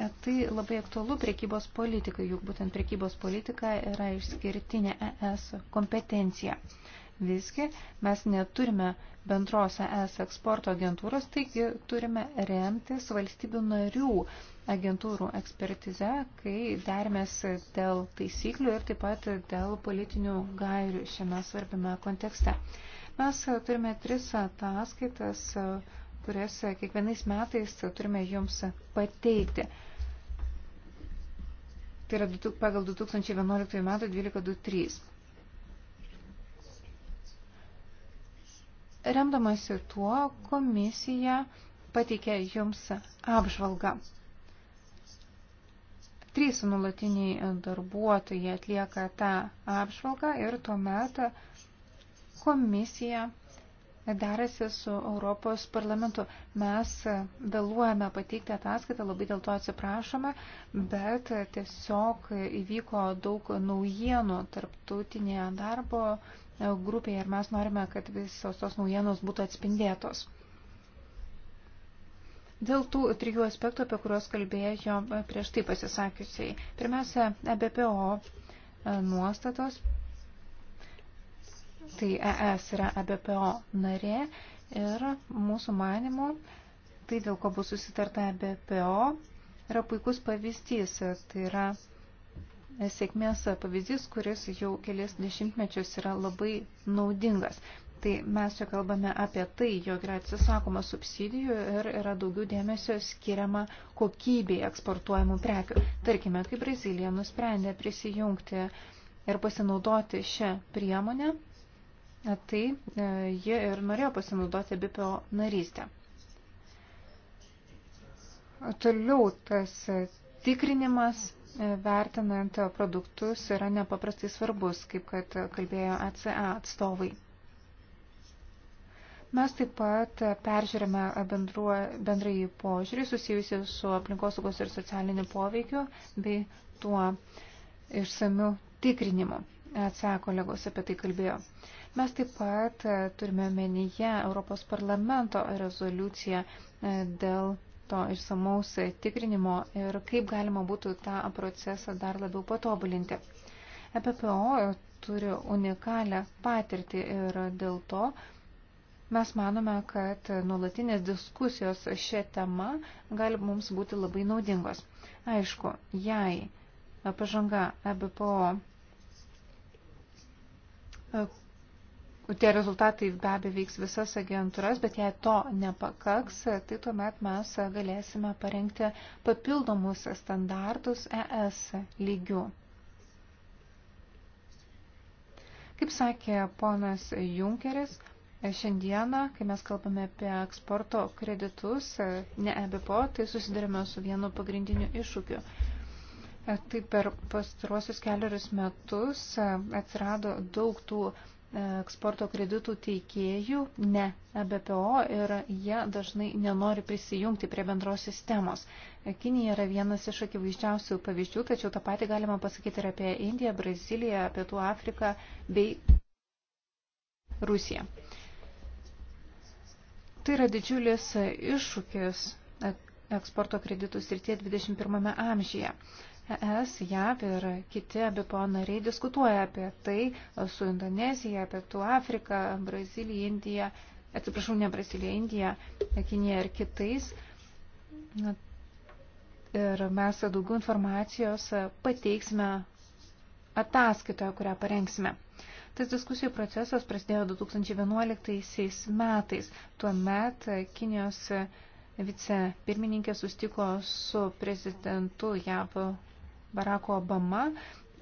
E, tai labai aktualu priekybos politikai, juk būtent priekybos politika yra išskirtinė ES kompetencija. Visgi mes neturime bendros ES eksporto agentūros, taigi turime remtis valstybių narių agentūrų ekspertize, kai dermės dėl taisyklių ir taip pat dėl politinių gairių šiame svarbiame kontekste. Mes turime tris ataskaitas, kurias kiekvienais metais turime jums pateikti. Tai yra pagal 2011 metų 1223. Remdamasi tuo, komisija pateikė jums apžvalgą. Trys nulatiniai darbuotojai atlieka tą apžvalgą ir tuomet komisija derasi su Europos parlamentu. Mes vėluojame pateikti ataskaitą, labai dėl to atsiprašome, bet tiesiog įvyko daug naujienų tarptautinėje darbo grupėje ir mes norime, kad visos tos naujienos būtų atspindėtos. Dėl tų trijų aspektų, apie kuriuos kalbėjo prieš tai pasisakiusiai. Pirmiausia, EBPO e, nuostatos. Tai ES yra EBPO narė ir mūsų manimo, tai dėl ko bus susitarta EBPO, yra puikus pavyzdys. Tai yra sėkmės pavyzdys, kuris jau kelias dešimtmečius yra labai naudingas. Tai mes čia kalbame apie tai, jog yra atsisakoma subsidijų ir yra daugiau dėmesio skiriama kokybei eksportuojamų prekių. Tarkime, kai Brazilija nusprendė prisijungti ir pasinaudoti šią priemonę, tai e, ji ir norėjo pasinaudoti BPO narystę. Toliau tas tikrinimas vertinant produktus yra nepaprastai svarbus, kaip kad kalbėjo ECA atstovai. Mes taip pat peržiūrėme bendrąjį požiūrį susijusi su aplinkosaugos ir socialiniu poveikiu bei tuo išsamiu tikrinimu. ECA kolegos apie tai kalbėjo. Mes taip pat turime menyje Europos parlamento rezoliuciją e, dėl to išsamaus tikrinimo ir kaip galima būtų tą procesą dar labiau patobulinti. EPPO turi unikalią patirtį ir dėl to mes manome, kad nuolatinės diskusijos šią temą gali mums būti labai naudingos. Aišku, jei pažanga EBPO Tie rezultatai be abejo veiks visas agentūras, bet jei to nepakaks, tai tuomet mes galėsime parengti papildomus standartus ES lygių. Kaip sakė ponas Junkeris, šiandieną, kai mes kalbame apie eksporto kreditus, ne EBPO, tai susidurime su vienu pagrindiniu iššūkiu. E, tai per pastaruosius keliarius metus e, atsirado daug tų eksporto kreditų teikėjų, ne e BPO ir jie dažnai nenori prisijungti prie bendros sistemos. Kinija yra vienas iš akivaizdžiausių pavyzdžių, tačiau tą patį galima pasakyti ir apie Indiją, Braziliją, Pietų Afriką bei Rusiją. Tai yra didžiulis iššūkis e- eksporto kreditų srityje 21 amžyje. ES, JAV ir kiti abipo nariai diskutuoja apie tai e, su Indonezija, Pietų Afrika, Brazilija, Indija, atsiprašau, ne Brazilija, Indija, Kinija ir kitais. Ir mes daugiau informacijos e, pateiksime ataskaitoje, kurią parengsime. Tas diskusijų procesas prasidėjo 2011 metais. Tuomet e, Kinijos vicepirmininkė sustiko su prezidentu JAV Barako Obama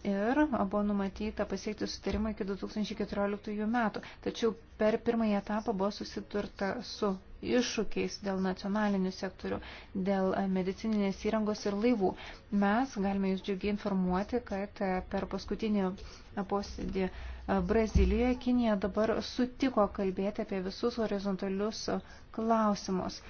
ir buvo numatyta pasiekti sutarimą iki 2014 metų. Tačiau per pirmąjį etapą buvo susiturta su iššūkiais dėl nacionalinių sektorių, dėl e, medicininės įrangos ir laivų. Mes galime jūs džiugiai informuoti, kad e, per paskutinį e, posėdį Brazilijoje Kinija dabar sutiko kalbėti apie visus horizontalius klausimus.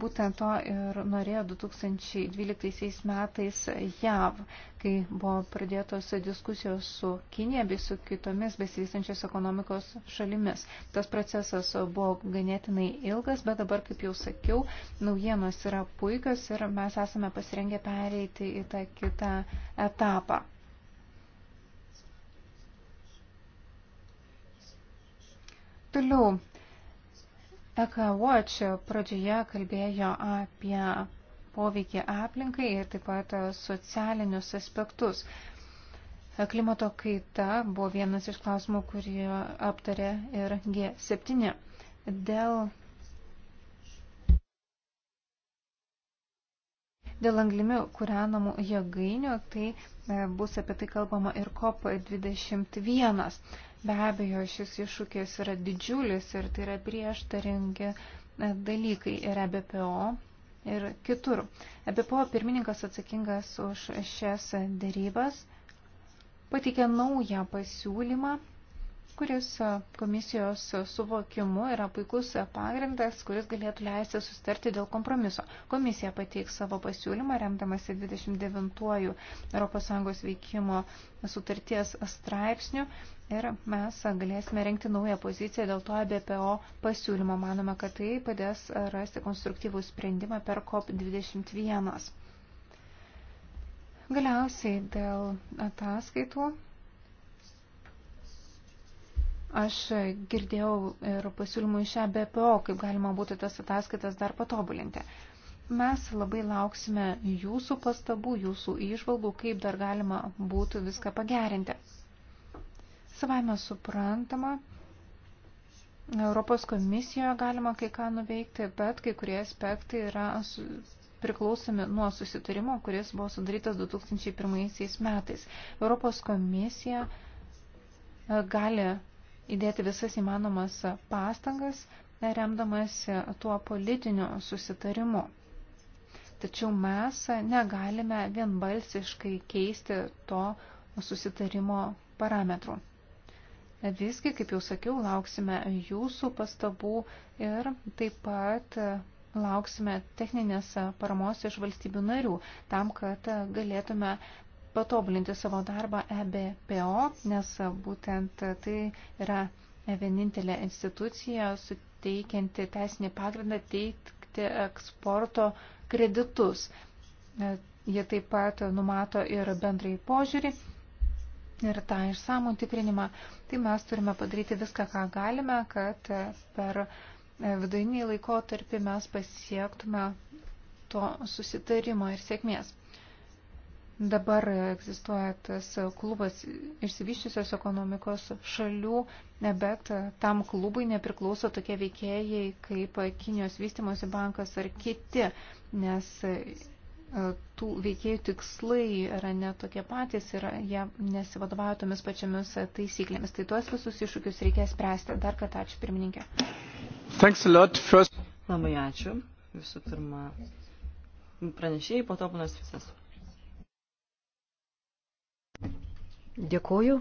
Būtent to ir norėjo 2012 metais JAV, kai buvo pradėtos diskusijos su Kinė bei su kitomis besivystančios ekonomikos šalimis. Tas procesas buvo ganėtinai ilgas, bet dabar, kaip jau sakiau, naujienos yra puikios ir mes esame pasirengę pereiti į tą kitą etapą. Toliau Eka Watch pradžioje kalbėjo apie poveikį aplinkai ir taip pat e, socialinius aspektus. E, klimato kaita buvo vienas iš klausimų, kurį aptarė ir G7. Dėl, dėl anglimi kūrenamų jėgainių, tai e, bus apie tai kalbama ir COP21. Be abejo, šis iššūkis yra didžiulis ir tai yra prieštaringi e, dalykai ir EBPO ir kitur. EBPO pirmininkas atsakingas už šias dėrybas pateikė naują pasiūlymą kuris e, komisijos suvokimu yra puikus pagrindas, kuris galėtų leisti sustarti dėl kompromiso. Komisija pateiks savo pasiūlymą, remdamasi 29-ųjų ES veikimo sutarties straipsnių ir mes galėsime renkti naują poziciją dėl to ABPO e pasiūlymo. Manome, kad tai padės rasti konstruktyvų sprendimą per COP21. Galiausiai dėl ataskaitų Aš girdėjau ir pasiūlymų iš EBPO, kaip galima būtų tas ataskaitas dar patobulinti. Mes labai lauksime jūsų pastabų, jūsų išvalgų, kaip dar galima būtų viską pagerinti. Savaime suprantama, Europos komisijoje galima kai ką nuveikti, bet kai kurie aspektai yra priklausomi nuo susitarimo, kuris buvo sudarytas 2001 metais. Europos komisija e, gali įdėti visas įmanomas pastangas, remdamasi tuo politiniu susitarimu. Tačiau mes negalime vienbalsiškai keisti to susitarimo parametrų. Visgi, kaip jau sakiau, lauksime jūsų pastabų ir taip pat lauksime techninės paramos iš valstybių narių, tam, kad galėtume patobulinti savo darbą EBPO, nes būtent tai yra vienintelė institucija suteikianti teisinį pagrindą teikti eksporto kreditus. Jie taip pat numato ir bendrai požiūrį ir tą išsamų tikrinimą. Tai mes turime padaryti viską, ką galime, kad per vidurinį laikotarpį mes pasiektume to susitarimo ir sėkmės. Dabar egzistuoja tas klubas išsivyščiusios ekonomikos šalių, bet tam klubui nepriklauso tokie veikėjai kaip Kinijos vystimosi bankas ar kiti, nes e, tų veikėjų tikslai yra ne tokie patys ir jie nesivadovauja tomis pačiamis taisyklėmis. Tai tuos visus iššūkius reikia spręsti. Dar kartą ačiū pirmininkė. First... Labai ačiū. Visų pirma, pranešėjai, po to panas visas. Dėkuoju.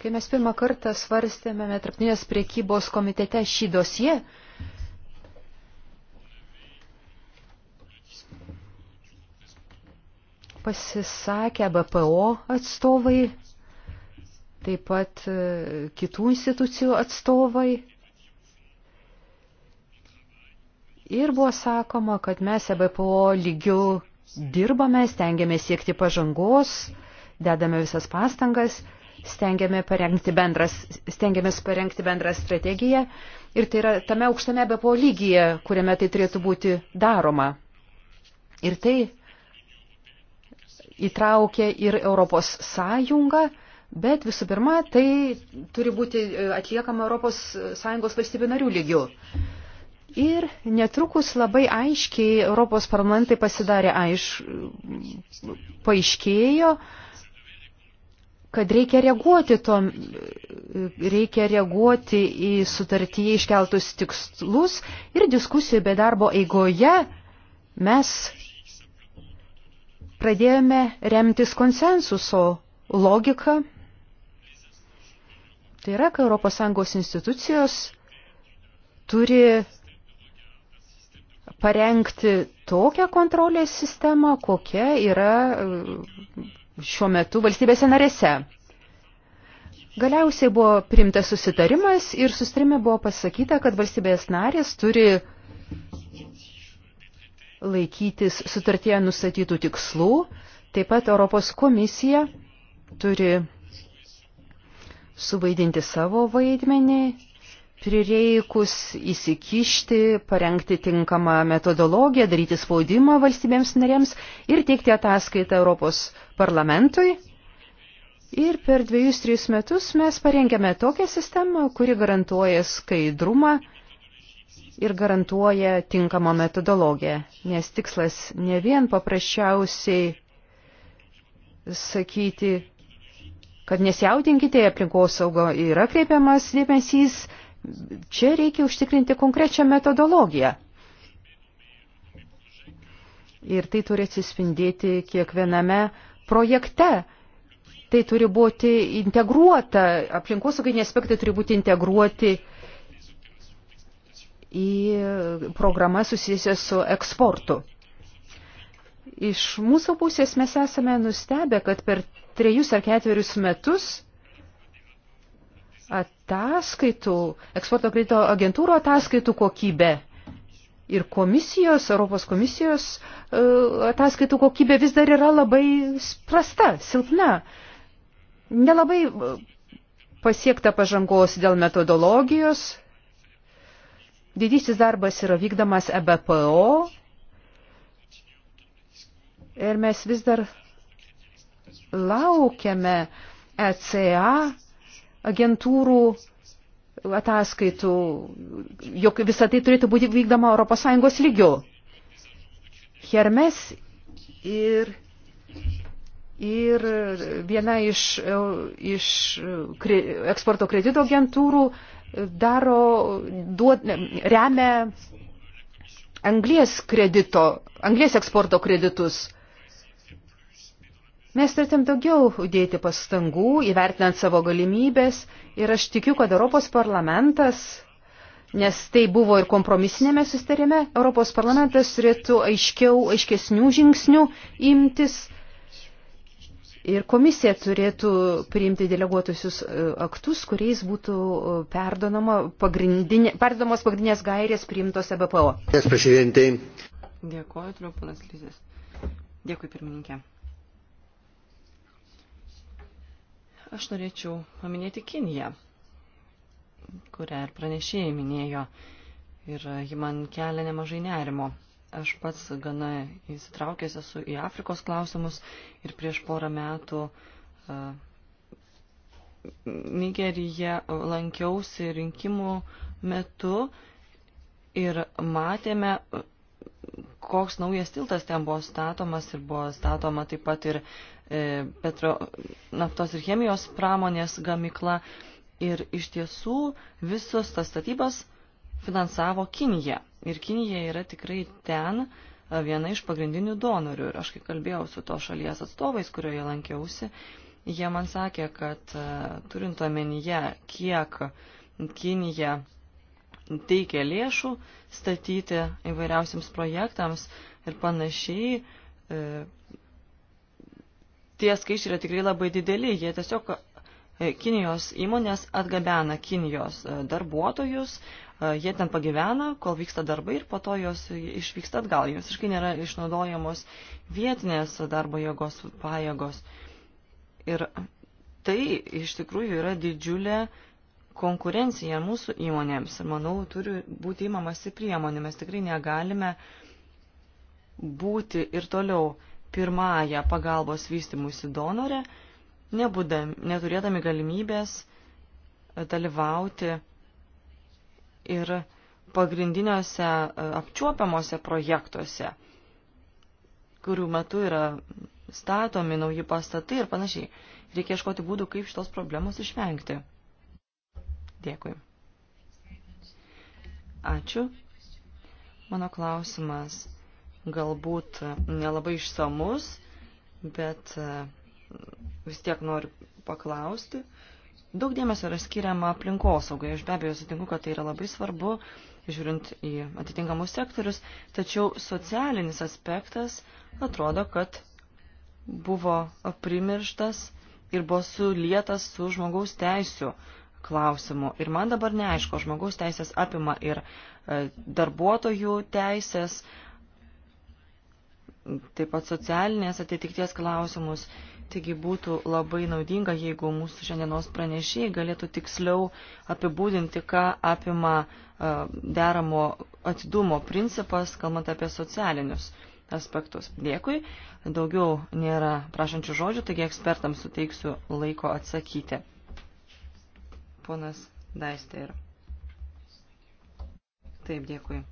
Kai mes pirmą kartą svarstėme tarptinės priekybos komitete šį dosiją, pasisakę BPO atstovai, taip pat e, kitų institucijų atstovai. Ir buvo sakoma, kad mes EBPO lygių dirbame, stengiame siekti pažangos dedame visas pastangas, stengiame parengti bendras, stengiamės parengti bendrą strategiją ir tai yra tame aukštame BPO lygyje, kuriame tai turėtų būti daroma. Ir tai įtraukia ir Europos sąjungą, bet visų pirma, tai turi būti e, atliekama Europos sąjungos valstybių narių lygių. Ir netrukus labai aiškiai Europos parlamentai pasidarė aiš, paaiškėjo, kad reikia reaguoti, to, reikia reaguoti į sutartyje iškeltus tikslus ir diskusijų be darbo eigoje mes pradėjome remtis konsensuso logiką. Tai yra, kad ES institucijos turi parengti tokią kontrolės sistemą, kokia yra šiuo metu valstybėse narėse. Galiausiai buvo primtas susitarimas ir susitarime buvo pasakyta, kad valstybės narės turi laikytis sutartie nustatytų tikslų, taip pat Europos komisija turi suvaidinti savo vaidmenį prireikus įsikišti, parengti tinkamą metodologiją, daryti spaudimą valstybėms narėms ir teikti ataskaitą Europos parlamentui. Ir per dviejus, tris metus mes parengėme tokią sistemą, kuri garantuoja skaidrumą ir garantuoja tinkamą metodologiją, nes tikslas ne vien paprasčiausiai sakyti, kad nesijaudinkite, aplinkosaugo yra kreipiamas dėmesys, Čia reikia užtikrinti konkrečią metodologiją. Ir tai turi atsispindėti kiekviename projekte. Tai turi būti integruota, aplinkosauginiai aspektai turi būti integruoti į programą susijusią su eksportu. Iš mūsų pusės mes esame nustebę, kad per trejus ar ketverius metus at ataskaitų, eksporto kredito agentūrų ataskaitų kokybė ir komisijos, Europos komisijos e, ataskaitų kokybė vis dar yra labai prasta, silpna. Nelabai e, pasiekta pažangos dėl metodologijos. Didysis darbas yra vykdomas EBPO. Ir mes vis dar laukiame ECA agentūrų ataskaitų, jog visą tai turėtų būti vykdama ES lygiu. Hermes ir, ir viena iš, iš kre, eksporto kredito agentūrų daro, duod, remia anglės, kredito, anglės eksporto kreditus Mes turėtum daugiau dėti pastangų, įvertinant savo galimybės ir aš tikiu, kad Europos parlamentas, nes tai buvo ir kompromisinėme sustarime, Europos parlamentas turėtų aiškiau, aiškesnių žingsnių imtis ir komisija turėtų priimti deleguotusius e, aktus, kuriais būtų e, pagrindinė, perdomas pagrindinės gairės priimtos EBPO. Dėkuoju, turiu panas Lyzės. Dėkui, pirmininkė. Aš norėčiau paminėti Kiniją, kurią ir pranešėjai minėjo, ir ji man kelia nemažai nerimo. Aš pats gana įsitraukęs esu į Afrikos klausimus ir prieš porą metų uh, e, Nigerija lankiausi rinkimų metu ir matėme koks naujas tiltas ten buvo statomas ir buvo statoma taip pat ir e, petro, naftos ir chemijos pramonės gamykla. Ir iš tiesų visos tas statybas finansavo Kinija. Ir Kinija yra tikrai ten e, viena iš pagrindinių donorių. Ir aš kai kalbėjau su to šalies atstovais, kurioje lankiausi, jie man sakė, kad e, turint omenyje, kiek Kinija teikia lėšų statyti įvairiausiams projektams ir panašiai. E, tie skaičiai yra tikrai labai dideli, jie tiesiog e, Kinijos įmonės atgabena Kinijos e, darbuotojus, jie ten pagyvena, kol vyksta darbai ir po to jos išvyksta atgal. Jums visiškai nėra išnaudojamos vietinės darbo jėgos pajėgos. Ir tai iš tikrųjų yra didžiulė uh, konkurenciją mūsų įmonėms. Ir manau, turi būti įmamasi priemonė. Mes tikrai negalime būti ir toliau pirmąją pagalbos vystimusi donorę, nebūdami, neturėdami galimybės e, dalyvauti ir pagrindiniuose e, apčiuopiamuose projektuose, kurių metu yra statomi nauji pastatai ir panašiai. Reikia ieškoti būdų, kaip šitos problemos išvengti. Dėkui. Ačiū. Mano klausimas galbūt nelabai išsamus, bet e, vis tiek noriu paklausti. Daug dėmesio yra skiriama aplinkosaugai. Aš be abejo sutinku, kad tai yra labai svarbu, žiūrint į atitinkamus sektorius, tačiau socialinis aspektas atrodo, kad buvo primirštas ir buvo sulietas su žmogaus teisų klausimų. Ir man dabar neaišku, žmogaus teisės apima ir e, darbuotojų teisės, taip pat socialinės atitikties klausimus. Taigi būtų labai naudinga, jeigu mūsų šiandienos pranešėjai galėtų tiksliau apibūdinti, ką apima e, deramo atidumo principas, kalbant apie socialinius aspektus. Dėkui, daugiau nėra prašančių žodžių, taigi ekspertams suteiksiu laiko atsakyti ponas Daister. Taip, dėkui.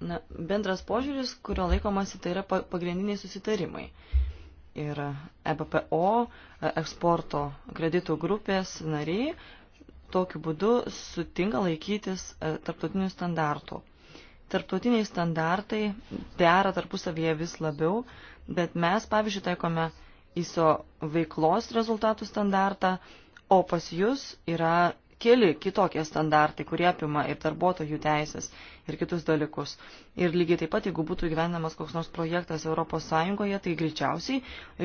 Na, bendras požiūris, kurio laikomasi, tai yra pagrindiniai susitarimai. Ir EBPO, e, eksporto kreditų grupės nariai, tokiu būdu sutinka laikytis e, tarptautinių standartų. Tarptautiniai standartai dera tarpusavyje vis labiau, bet mes, pavyzdžiui, taikome ISO veiklos rezultatų standartą, o pas jūs yra keli kitokie standartai, kurie apima ir darbuotojų teisės ir kitus dalykus. Ir lygiai taip pat, jeigu būtų gyvenamas koks nors projektas ES, tai greičiausiai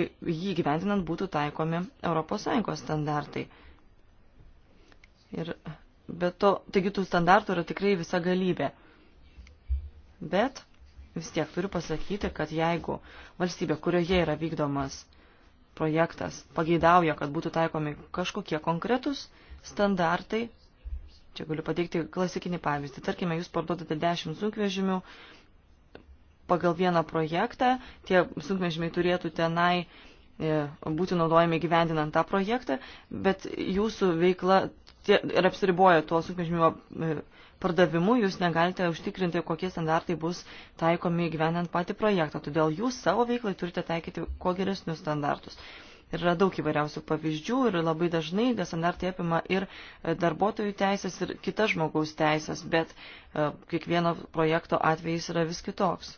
e, jį gyventinant būtų taikomi ES standartai. Ir be to, taigi tų standartų yra tikrai visa galybė. Bet vis tiek turiu pasakyti, kad jeigu valstybė, kurioje yra vykdomas projektas pageidauja, kad būtų taikomi kažkokie konkretus standartai. Čia galiu pateikti klasikinį pavyzdį. Tarkime, jūs parduodate 10 sunkvežimių pagal vieną projektą, tie sunkvežimiai turėtų tenai e, būti naudojami gyvendinant tą projektą, bet jūsų veikla tie, ir apsiriboja tuo sunkvežimio e, pardavimu jūs negalite užtikrinti, kokie standartai bus taikomi gyvenant patį projektą. Todėl jūs savo veiklai turite taikyti kuo geresnius standartus. Ir yra daug įvairiausių pavyzdžių ir labai dažnai standartai apima ir e, darbuotojų teisės, ir kitas žmogaus teisės, bet e, kiekvieno projekto atvejais yra vis kitoks.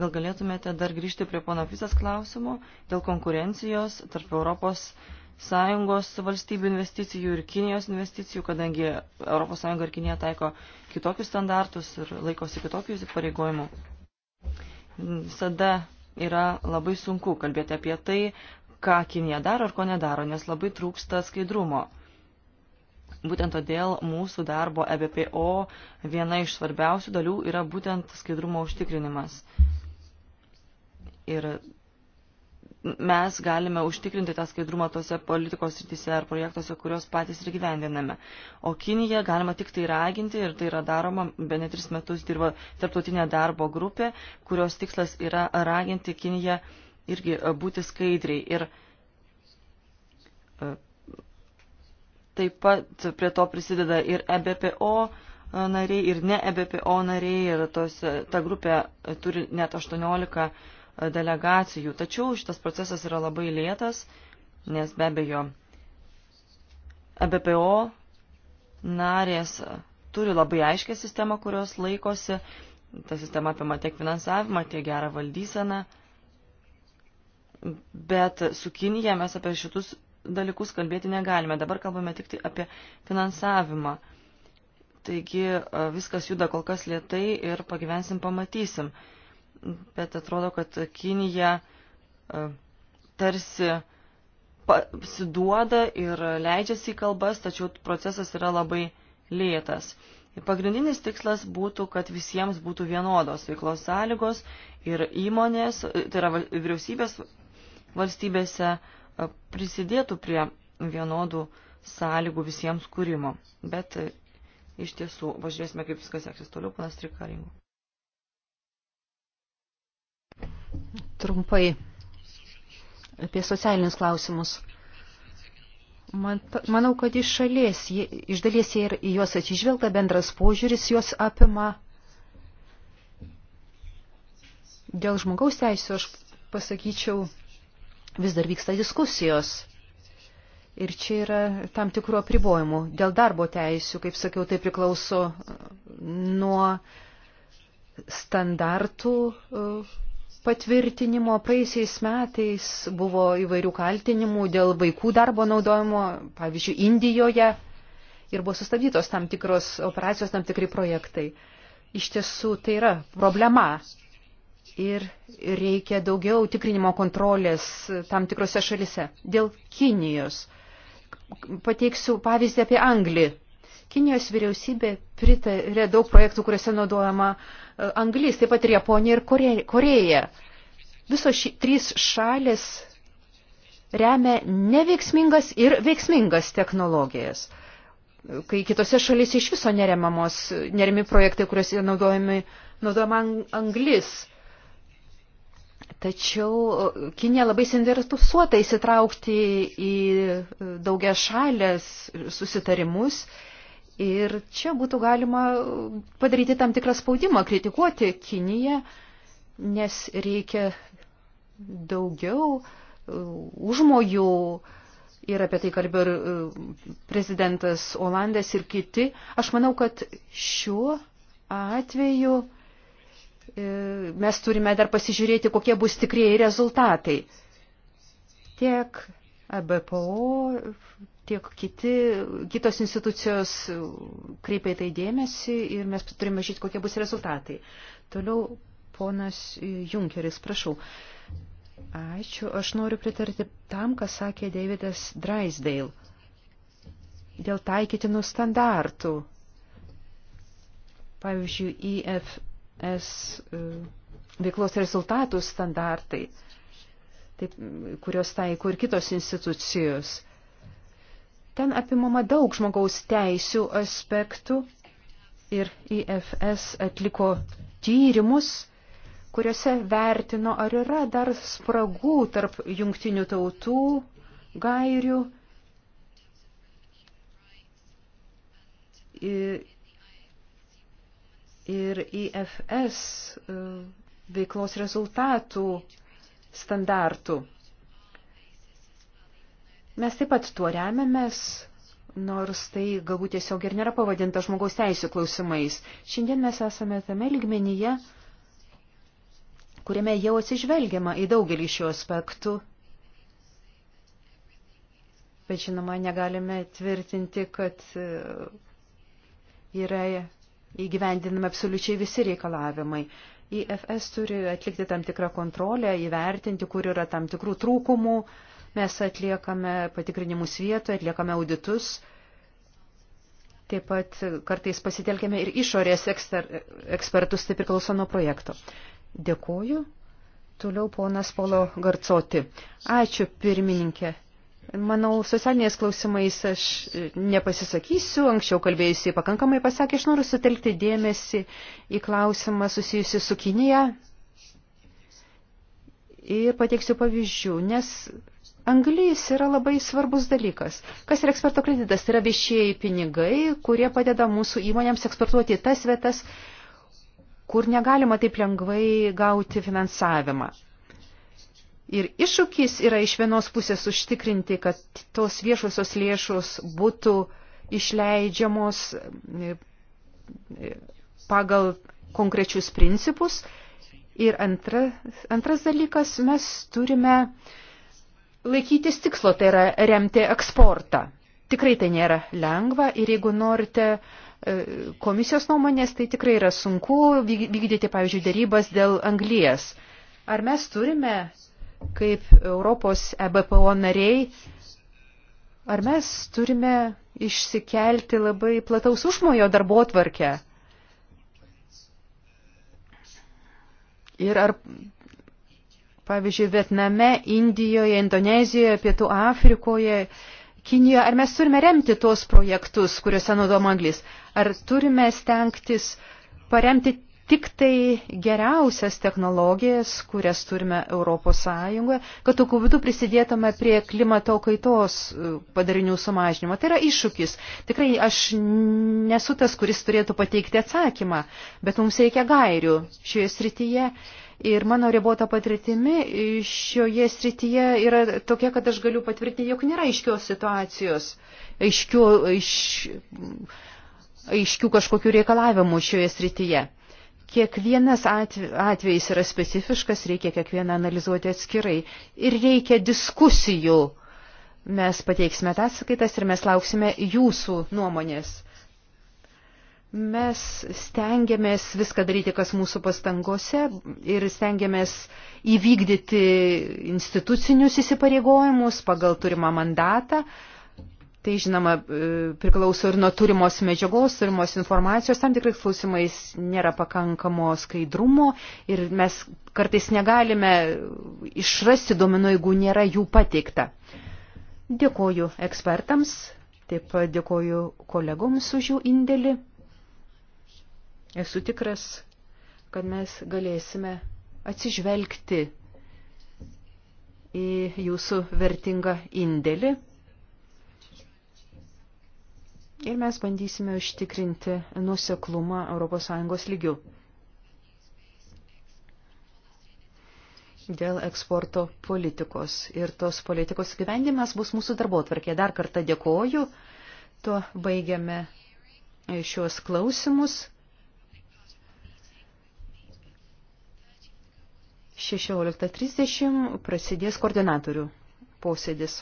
Gal galėtumėte dar grįžti prie pono Fisas klausimo dėl konkurencijos tarp Europos uh, Sąjungos valstybių investicijų ir Kinijos investicijų, kadangi ES ir Kinija taiko kitokius standartus ir laikosi kitokių įsipareigojimų. Visada yra labai sunku kalbėti apie tai, ką Kinija daro ar ko nedaro, nes labai trūksta skaidrumo. Būtent todėl mūsų darbo EBPO viena iš svarbiausių dalių yra būtent skaidrumo užtikrinimas. Ir mes galime užtikrinti tą skaidrumą tose politikos srityse ar projektuose, kuriuos patys ir gyvendiname. O Kinija galima tik tai raginti ir tai yra daroma, be net tris metus dirba tarptautinė darbo grupė, kurios tikslas yra raginti Kiniją irgi e, būti skaidriai. Ir e, taip pat prie to prisideda ir EBPO e, nariai ir ne EBPO nariai ir tos, ta grupė turi net 18 delegacijų. Tačiau šitas procesas yra labai lėtas, nes be abejo, EBPO narės turi labai aiškę sistemą, kurios laikosi. Ta sistema apima tiek finansavimą, tiek gerą valdyseną. Bet su Kinija mes apie šitus dalykus kalbėti negalime. Dabar kalbame tik tai apie finansavimą. Taigi e, viskas juda kol kas lietai ir pagyvensim, pamatysim bet atrodo, kad Kinija e, tarsi pasiduoda ir leidžiasi į kalbas, tačiau procesas yra labai lėtas. Ir pagrindinis tikslas būtų, kad visiems būtų vienodos veiklos sąlygos ir įmonės, e, tai yra vyriausybės valstybėse, e, prisidėtų prie vienodų sąlygų visiems kūrimo. Bet iš tiesų, važiuosime, kaip viskas seksis toliau, panas Trikaringų. Trumpai apie socialinius klausimus. Man, manau, kad iš šalies, iš dalies ir į juos atsižvelgta bendras požiūris, juos apima. Dėl žmogaus teisų aš pasakyčiau, vis dar vyksta diskusijos. Ir čia yra tam tikrų apribojimų. Dėl darbo teisių, kaip sakiau, tai priklauso nuo standartų patvirtinimo praeisiais metais buvo įvairių kaltinimų dėl vaikų darbo naudojimo, pavyzdžiui, Indijoje ir buvo sustabdytos tam tikros operacijos, tam tikri projektai. Iš tiesų tai yra problema ir reikia daugiau tikrinimo kontrolės tam tikrose šalise. Dėl Kinijos. Pateiksiu pavyzdį apie Anglį. Kinijos vyriausybė pritarė daug projektų, kuriuose naudojama uh, anglis, taip pat ir Japonija ir Koreja. Visos ši, trys šalis remia neveiksmingas ir veiksmingas technologijas, kai kitose šalyse iš viso neremamos, neremi projektai, kuriuose naudojami, naudojama anglis. Tačiau e, Kinė labai sinderatusuota įsitraukti į e, daugia šalės susitarimus Ir čia būtų galima padaryti tam tikrą spaudimą, kritikuoti Kiniją, nes reikia daugiau uh, užmojų. Ir apie tai kalbėjo ir uh, prezidentas Olandas ir kiti. Aš manau, kad šiuo atveju uh, mes turime dar pasižiūrėti, kokie bus tikrieji rezultatai. Tiek ABPO tiek kiti, kitos institucijos kreipia į tai dėmesį ir mes turime žyti, kokie bus rezultatai. Toliau ponas Junkeris, prašau. Ačiū, aš noriu pritarti tam, ką sakė Davidas Draisdale dėl taikytinų standartų. Pavyzdžiui, IFS e, veiklos rezultatų standartai, taip, kurios taiko ir kitos institucijos. Ten apimama daug žmogaus teisių aspektų ir IFS atliko tyrimus, kuriuose vertino, ar yra dar spragų tarp jungtinių tautų gairių ir IFS e, veiklos rezultatų standartų. Mes taip pat tuo remiamės, nors tai galbūt tiesiog ir nėra pavadinta žmogaus teisų klausimais. Šiandien mes esame tame lygmenyje, kuriame jau atsižvelgiama į daugelį šių aspektų. Bet žinoma, negalime tvirtinti, kad e, yra įgyvendinami absoliučiai visi reikalavimai. IFS turi atlikti tam tikrą kontrolę, įvertinti, kur yra tam tikrų trūkumų, Mes atliekame patikrinimus vietoje, atliekame auditus. Taip pat kartais pasitelkėme ir išorės ekster, ekspertus, tai priklauso nuo projekto. Dėkuoju. Toliau ponas Polo Garcoti. Ačiū, pirmininkė. Manau, socialiniais klausimais aš nepasisakysiu, anksčiau kalbėjusiai pakankamai pasakė, aš noriu sutelkti dėmesį į klausimą susijusi su Kinija. Ir pateiksiu pavyzdžių, nes Anglys yra labai svarbus dalykas. Kas yra eksporto kreditas? Tai yra viešieji pinigai, kurie padeda mūsų įmonėms eksportuoti į tas vietas, kur negalima taip lengvai gauti finansavimą. Ir iššūkis yra iš vienos pusės užtikrinti, kad tos viešosios lėšos būtų išleidžiamos e, e, pagal konkrečius principus. Ir antra, antras dalykas, mes turime uh, laikytis tikslo, tai yra remti eksportą. Tikrai tai nėra lengva ir jeigu norite e, komisijos nuomonės, tai tikrai yra sunku vykdyti, pavyzdžiui, darybas dėl anglijas. Ar mes turime, kaip Europos EBPO nariai, ar mes turime išsikelti labai plataus užmojo darbo tvarkę? Ir ar pavyzdžiui, Vietname, Indijoje, Indonezijoje, Pietų Afrikoje, Kinijoje, ar mes turime remti tuos projektus, kuriuose naudoma anglis, ar turime stengtis paremti tik tai geriausias technologijas, kurias turime Europos Sąjungoje, kad tokiu būdu prisidėtume prie klimato kaitos e, padarinių sumažinimo. Tai yra iššūkis. Tikrai aš nesu tas, kuris turėtų pateikti atsakymą, bet mums reikia gairių šioje srityje. Ir mano ribota patirtimi šioje srityje yra tokia, kad aš galiu patvirtinti, jog nėra aiškios situacijos, aiškių, aiš, aiškių kažkokių reikalavimų šioje srityje. Kiekvienas atvejis yra specifiškas, reikia kiekvieną analizuoti atskirai ir reikia diskusijų. Mes pateiksime tas skaitas ir mes lauksime jūsų nuomonės. Mes stengiamės viską daryti, kas mūsų pastangose ir stengiamės įvykdyti institucinius įsipareigojimus pagal turimą mandatą. Tai, žinoma, e, priklauso ir nuo turimos medžiagos, turimos informacijos, tam tikrais klausimais nėra pakankamo skaidrumo ir mes kartais negalime išrasti duomenų, jeigu nėra jų pateikta. Dėkoju ekspertams, taip pat dėkoju kolegoms už jų indėlį. Esu tikras, kad mes galėsime atsižvelgti į jūsų vertingą indėlį ir mes bandysime užtikrinti nuseklumą ES lygių. dėl eksporto politikos. Ir tos politikos gyvendimas bus mūsų darbo atvarkė. Dar kartą dėkoju. Tuo baigiame šios klausimus. 16.30 prasidės koordinatorių posėdis.